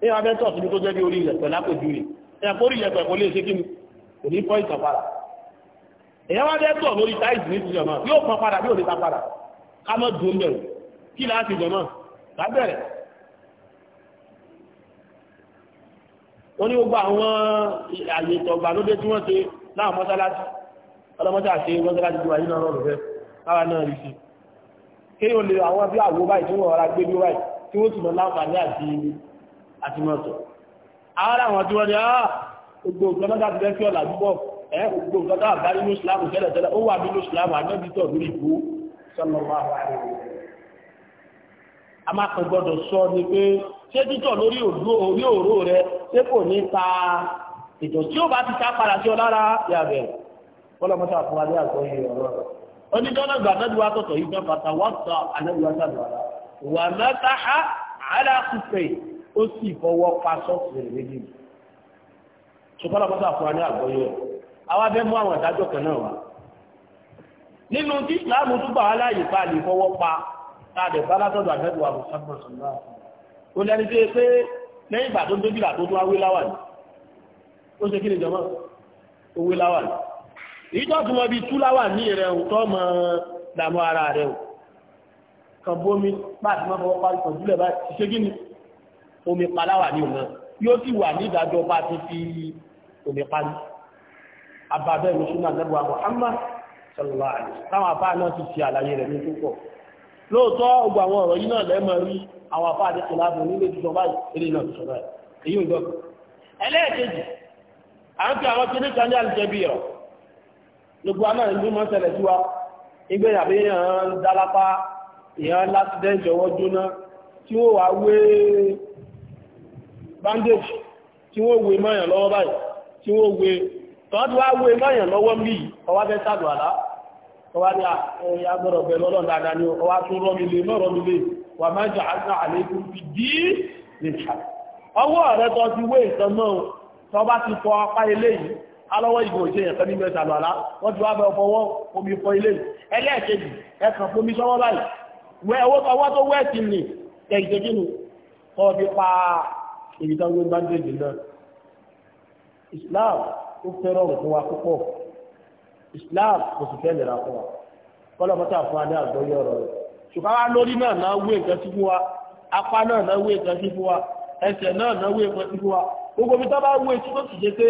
ní abẹ́ tọ̀ sí ní tó jẹ́ bí orí ìyẹ̀pẹ̀ lápòjú rẹ̀ ẹ̀kọ́ orí ìyẹ̀pẹ̀ kò lè ṣe kí ni kò ní fọ́ ìtàn padà èyàn wá bẹ́ tọ̀ lórí táìsì ní ìjọba yóò pọn padà bí ò ní ta padà ká mọ́ dùn bẹ̀rù kí láti jọ lábẹ́rẹ̀ ó ní gbogbo àwọn àyè ìtọ̀gbà ló dé tí wọ́n ṣe láwọn mọ́sálásí ọlọ́mọ́sá ṣe mọ́sálásí tó wà nínú ọ̀rọ̀ rẹ̀ káwa náà rí sí kí o lè àwọn bí àwo báyìí tí wọ́n ọ̀rá gbé bí báyìí tí wọ́n túnmọ̀ láǹfààní àti àtìmọ̀tọ̀ ara àwọn tí wọ́n ní àá ah, gbogbo nǹkan náà láti lẹ́fí ọ̀là púpọ̀ ẹ̀ gbogbo nǹkan náà bá nínú ìsìlámù tẹ́lẹ̀ tẹ́lẹ̀ ó wà nínú ìsìlámù a máa kàn gbọ́dọ̀ sọ ni pé ṣé títọ̀ lórí òró rẹ ṣé kò ní ta ètò tí ó bá ti ta padà sí ọ lára yàgbẹ́ kọ́lọ́mọ́tà fún wa ní àgbọ̀yé ọ̀rọ̀ rẹ̀ onídọ́nà gbà náà wá tọ̀tọ̀ yìí fẹ́ fata wá sọ anáwó sábà wà mẹ́ta á aláàkùfẹ́ ó sì fọwọ́ pa sọ́ọ̀sì rẹ̀ méjì ṣùgbọ́n ọ̀pọ̀ àfọwọ́ ní àgbọ̀yé rẹ̀ àwa bẹ́ mú àwọn ìdájọ́ kan náà wá nínú tí ìsìláàmù túbọ̀ aláàyè pa lè fọwọ́ pa láàdẹ bálátọ̀dọ̀ àjẹ́dùwà Muhammad sallallahu ó lẹ́ni tí ó pé lẹ́yìn ìgbà tó débìlà tó tó wáwé láwà ní ó ṣe kí ni jọmọ́ owó láwà ní èyí tó tún mọ́ bí tú láwà ní rẹ̀ ò tọ́ mọ́ dàmú ara rẹ̀ ò kan bómi pàtí mọ́ fọwọ́ parí kan jùlẹ̀ báyìí ṣe kí ni omi pa láwà ní òun yóò sì wà ní ìdájọ́ bá ti fi omi pa ní abàbẹ́ ìlú súnà nẹ́bùwà Muhammad sallallahu alaihi táwọn afáà náà ti ṣe àlàyé rẹ̀ ní púpọ̀ lóòótọ́ gbogbo àwọn ọ̀rọ̀ yìí náà lẹ́mọ̀ rí àwọn afá àdéhùn láàbùn nílé ìjọba báyìí eré náà ti sọ̀rọ̀ èyí ò gbọ́kọ̀. ẹlẹ́ẹ̀kejì à ń fi àwọn kéde kan ní àlùjẹbí rọ̀ gbogbo àná ìlú máa ń sí wa ìgbé àbí èèyàn ń dálápá èèyàn lásìdẹ́ǹtì ọwọ́ jóná tí wọ́n wá wé bandage tí wọ́n wé mọ́yàn lọ́wọ́ báyìí tí wọ́n wé tọ́jú wá wé mọ́yàn lọ́wọ́ mí ọwọ́ fẹ́ sàdùn àlá ọwá ya àgbọ̀rọ̀ bẹ̀rẹ̀ ọlọ́run dáadáa ni ọwá tún rọ́mi lè mọ́ rọ́mi lè wà máa jà áńtà àlékún fi dí lè ṣà ọwọ́ rẹ̀ tó ti wé ìtàn náà tó bá ti fọ apá eléyìí alọ́wọ́ ìgbò ṣe ẹ̀kan ní mẹ́ta lọ́la wọ́n ti wá bẹ fọwọ́ tó wẹ́ Islam ó fẹ́ràn fún wa púpọ̀ islam kò sì fẹ́ lera fún wa kọ́lọ̀ mọ́tà fún wa ní àgbọ́yé ọ̀rọ̀ rẹ̀ ṣùgbọ́n wa lórí náà náà wé nǹkan sí fún wa apá náà náà wé nǹkan sí fún wa ẹsẹ̀ náà náà wé nǹkan sí fún wa gbogbo mi tó bá wé tí ó sì ṣe pé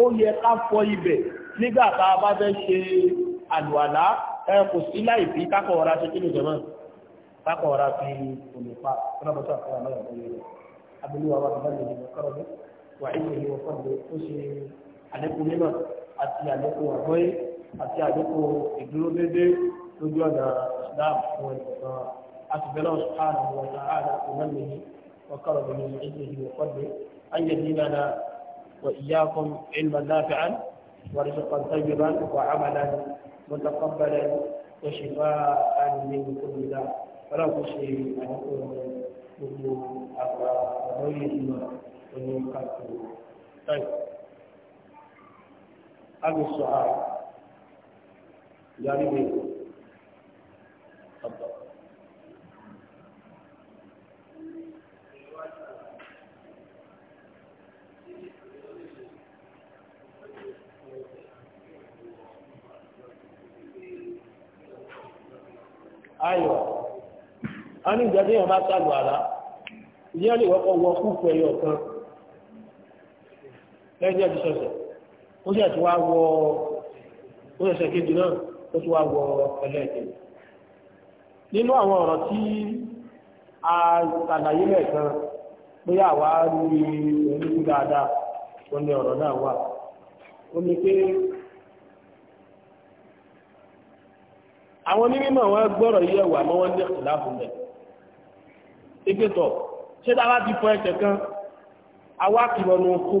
ó yẹ ká fọ ibẹ̀ nígbà tá a bá fẹ́ ṣe àlùwàlá ẹ kò sí láì fi kákọ̀ ṣe kí ni jẹ̀mọ́ kákọ̀ ọ̀rá fi olùpa kọ́lọ̀ fún wa náà àgbọ́yé rẹ̀ abúlé wa wà ní bá àti àdókò àgbọ́yé àti àdókò ìdúró dédé lójú ọ̀nà islam fún ẹ̀sán àtìbẹ́lẹ̀ ọ̀sán àwọn ọ̀nà àdá ìmọ̀lẹ́yìn وقال من علمه وقدره أن يزيدنا وإياكم علما نافعا ورزقا طيبا وعملا متقبلا وشفاء من كل داء فلا تشفي أن يكون كل أقرب ويسمع وينكر طيب عن الصحابة يعني مين؟ تفضل ayọ̀ a ní ìjọdé yẹn bá sàlù àlá ìyẹn lè wọ́pọ̀ wọ kan lẹ́yìn ẹ̀dí sọ̀sẹ̀ ó sì àti wá wọ ó ṣẹ̀ṣẹ̀ kejì náà ó ti wá wọ ẹlẹ́ẹ̀kejì nínú àwọn ọ̀rọ̀ tí a ṣàlàyé lẹ́ẹ̀kan bóyá àwa rí oníkú dáadáa wọn ni ọ̀rọ̀ náà wà ó ní pé àwọn onímọ̀ wọn gbọ́rọ̀ yẹ wà mọ́ wọn ní ìlàbù lẹ̀ ẹgbẹ́tọ̀ ṣé dára ti fọ ẹsẹ̀ kan awá kìlọ̀ ní okòó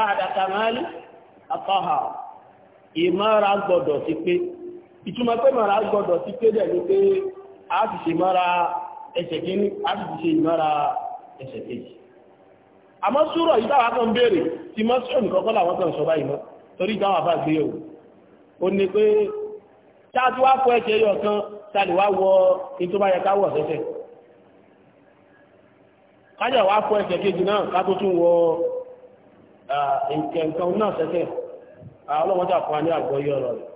بعد كمال الطهارة gbọdọ si ti pé ìtumọ̀ pé mara gbọ́dọ̀ ti pé dẹ̀ ní pé a ti ṣe mọ́ra ẹsẹ̀ kíní a ti ṣe ìmọ́ra ẹsẹ̀ kejì àmọ́ súrọ̀ ìdáwà kan béèrè tí mọ́ sí òmìnkọ́kọ́ làwọn kan sọba ìmọ́ torí ìdáwà bá gbé ẹ̀wò ó ní pé ṣáàtú wá kọ ẹ̀kẹ́ yọ kan wá wọ ní tó bá yẹ káwọ̀ sẹ́sẹ̀ wá ẹ̀kẹ́ kejì náà ká wọ nǹkan náà sẹ́sẹ̀ ọlọ́wọ́dà fún alẹ́ àgbọ́yé ọ̀rọ̀ rẹ̀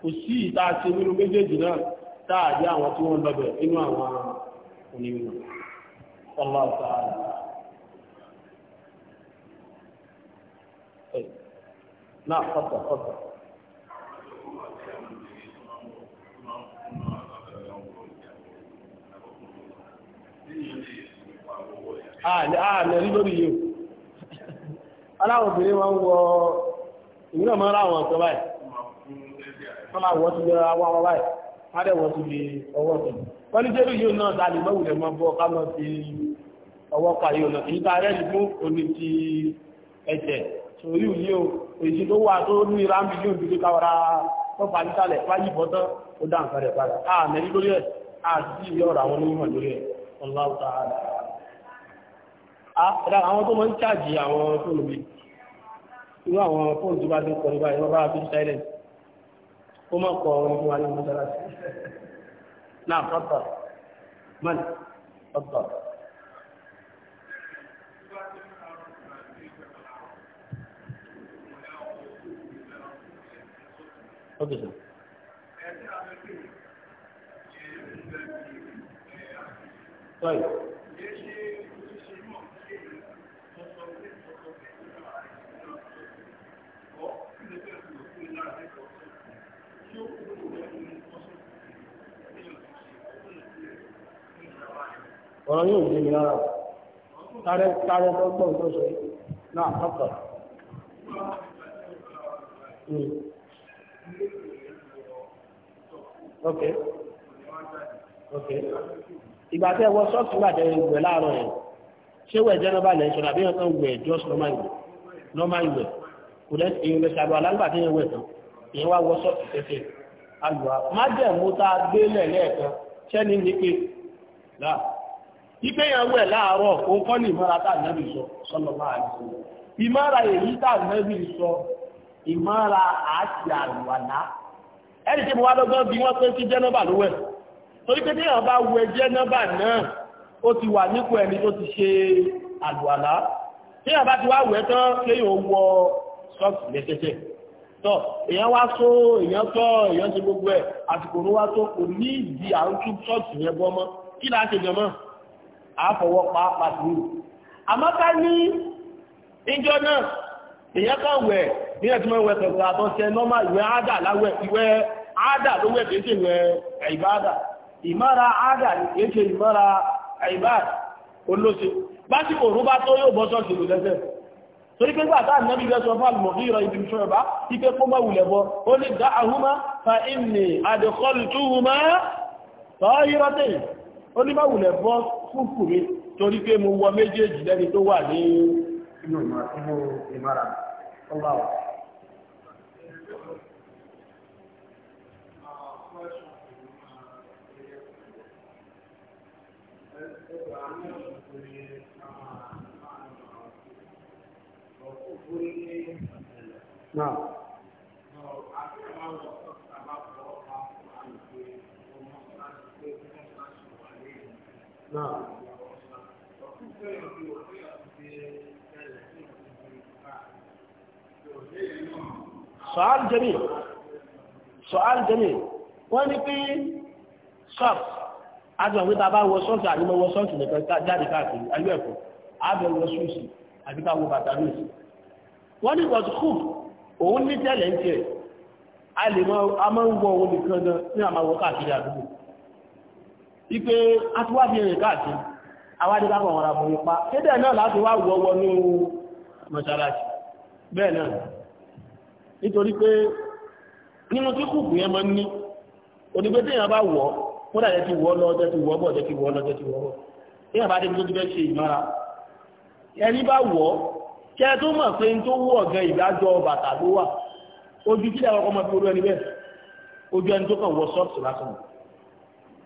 kò sí ìta àti méjèèjì náà táàdé àwọn tí wọ́n lọ́bẹ̀ inú àwọn onímọ̀ lórí aláwọ̀ obìnrin wọn wọ ìwé náà máa láwọn ọ̀sọ́ báyìí wọ́n máa wọ́n ti lọ àwọn ọmọ báyìí wọ́n dẹ̀ wọ́n ti lè ọwọ́ tó wọ́n ní jẹ́rù yóò náà dalè mọ́wùlẹ̀ mọ́ bọ́ ká mọ́ sí ọwọ́ pa yóò náà kìí dáa rẹ́ni fún oní ti ẹ̀jẹ̀ sórí òní o èyí tó wà tó ní rámbì yóò dúdú káwara wọ́n pa nísàlẹ̀ Ah, àwọn tó mọ́ ń chájì àwọn fóònù mi irú àwọn fóònù tó bá ti kọ̀ nípa ìwọ́n bá fi silent ó mọ̀ kọ̀ ọ̀rọ̀ fún wa ní mọ́sálásí náà fọ́tọ̀ mọ́nì fọ́tọ̀ Okay, sir. Sorry. ọ̀rọ̀ yóò jẹ́ mi lára tààrẹ tààrẹ lọ́gbọ̀n tó ṣe náà tọ́kọ̀ hmm. ok ok ìgbà tẹ́ wọ sọ́ọ̀tù gbà tẹ́ ìwẹ̀ láàárọ̀ yẹn ṣé wẹ̀ jẹ́ nọ́bà lẹ́yìn ṣọ́nà àbíyàn kan wẹ̀ just normal ìwẹ̀ normal ìwẹ̀ kò lẹ́ èyàn lè ṣàbọ̀ alágbà tí yẹn wẹ̀ tán ìyẹn wá wọ sọ́ọ̀tù tẹ́tẹ́ alùpàá májẹ̀mú tá a gbé lẹ̀ lẹ́ẹ̀kan ṣẹ́ni ní pé láà ìgbéyàwó ẹ̀ láàárọ̀ òun kọ́ ní ìmọ́ra tá ànábì sọ sọ́nà láàrín ìmọ́ra èyí tá ànábì sọ ìmọ́ra àti àlùwàlá ẹni tí mo wá lọ́gọ́ bí wọ́n pé sí jẹ́nọ́bà ló wẹ̀ torí pé téèyàn bá wẹ̀ jẹ́nọ́bà náà ó ti wà nípò ẹni tó ti ṣe àlùwàlá téèyàn bá ti wá wẹ̀ tán kéèyàn wọ sọ́ọ̀sì lẹ́sẹ̀sẹ̀ àfọwọ́ pàápàá sí i àmọ́ ká ní ìjọ náà èèyàn kan wẹ̀ nígbà tí wọ́n wẹ̀ pẹ̀lú àtọ́sẹ́ nọ́mà ìwẹ̀ ádà láwẹ̀ ìwẹ̀ ádà ló wẹ̀ kìí ṣe ìwẹ̀ ìbáàdà ìmára ádà kìí ṣe ìmára ìbáàdà olóṣe básìkò òru bá tó yóò bọ́ sọ́ọ̀sì lò lẹ́sẹ̀ torí pé gbà táà nẹ́bí lẹ́sọ fún àlùmọ̀fí ìrọ̀ ibi ìṣọ́ ẹ̀bá ipé kó mọ́ wùlẹ̀ bọ́ ó ní dá àhúmá fa ìmì àdìkọlù túhùmá tọ́ yírọ́tẹ̀ ó ní mọ́ wùlẹ̀ bọ́ kúkú mi torí pé mo wọ méjèèjì lẹ́ni tó wà ní inú ìmára ọlá ọ̀. náà. sọ́ál jẹ́mi sọ́ál jẹ́mi wọ́n ní pé sọ́ọ̀tì àti àwọn ìta bá wọ sọ́ọ̀tì àdìmọ́ wọ sọ́ọ̀tì nìkan jáde káàkiri ayé ẹ̀kọ́ àbẹ̀wò ṣúùsì àbíká wọ bàtà lóòsì wọ́n ní wọ́n kú òun ní tẹ́lẹ̀ ń tiẹ̀ a lè mọ́ a máa ń wọ òun wípé a ti wá bí ẹ̀rẹ̀ káàkiri àwádìí bá kọ̀ọ̀rọ̀ àwọn ipa kédẹ̀ náà láti wá wọ́wọ́ ní mọ́ṣáláṣí bẹ́ẹ̀ náà nítorí pé nínú tí kùkù yẹn máa ń ní onígbé téèyàn bá wọ̀ kódà jẹ́ ti wọ́ lọ jẹ́ ti wọ́ bọ̀ jẹ́ ti wọ́ lọ jẹ́ ti wọ́ bọ̀ téèyàn bá débi tó ti fẹ́ ṣe ìmọ́ra ẹni bá wọ̀ kẹ́ tó mọ̀ pé tó wọ̀ gan ìdájọ́ bàtà ló wà ojú kílẹ̀ ọkọ̀ mọ̀ fi orú ẹni bẹ́ẹ̀ ojú ẹni tó kàn wọ sọ́ọ̀tì lásán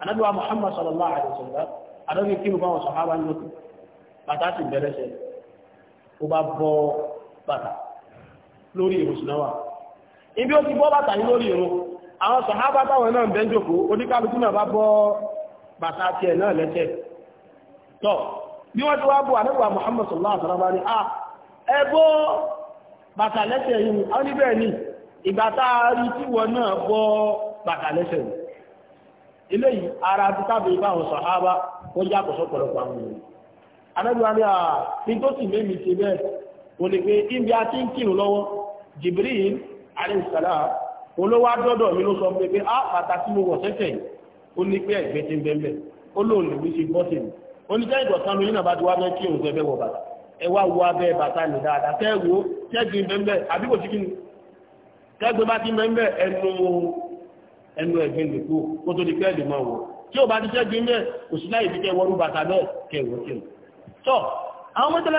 Ànábì wa Muhammad sallallahu alaihi wasallam Ànábì kírun fáwọn sàhábà ń lókè bàtà sì bẹ̀rẹ̀ sẹ̀ ó bá bọ́ bàtà lórí ìrùsù náà wà ibi ó ti bọ́ bàtà yìí lórí ìrùn àwọn sàhábà táwọn náà bẹ́ ń jòkó oníkálukú náà bá bọ́ bàtà tiẹ̀ náà lẹ́sẹ̀ tọ́ bí wọ́n ti wá bọ́ Ànábì wa Muhammad sallallahu alaihi wasallam ni a ah, ẹ bọ́ bàtà lẹ́sẹ̀ yìí àwọn níbẹ̀ ni ìgbà tá a rí tí wọn náà bọ́ bàtà lẹ́sẹ̀ yìí eléyìí ara ti báwọn sàhábà ó yàtọ̀ sọ́pọ̀lọpọ̀ àwọn èèyàn anábíwárí à ní tó sì mémi bẹ́ẹ̀ kò pe ibi a ti ń kírun lọ́wọ́ Jibril alayisala olówó adọ́dọ̀ mi ló sọ pé pé a pàtàkì mo wọ̀ sẹ́sẹ̀ yìí ó ní pé ẹ̀gbẹ́ ti ń bẹ́ẹ̀ ó lóun lè wí sí bọ́sẹ̀ mi ó ní náà bá ti wá fẹ́ bẹ́ẹ̀ wọ bàtà ẹ wá abẹ́ bàtà mi ẹnu ẹ̀gbin lè kó kó tó di pé ẹ̀dùn máa wọ̀ tí ò bá ti sẹ́gbin bẹ́ẹ̀ kò sí láì bàtà bẹ́ẹ̀ kẹ́ wọ́n tọ́ àwọn mọ́tẹ́lá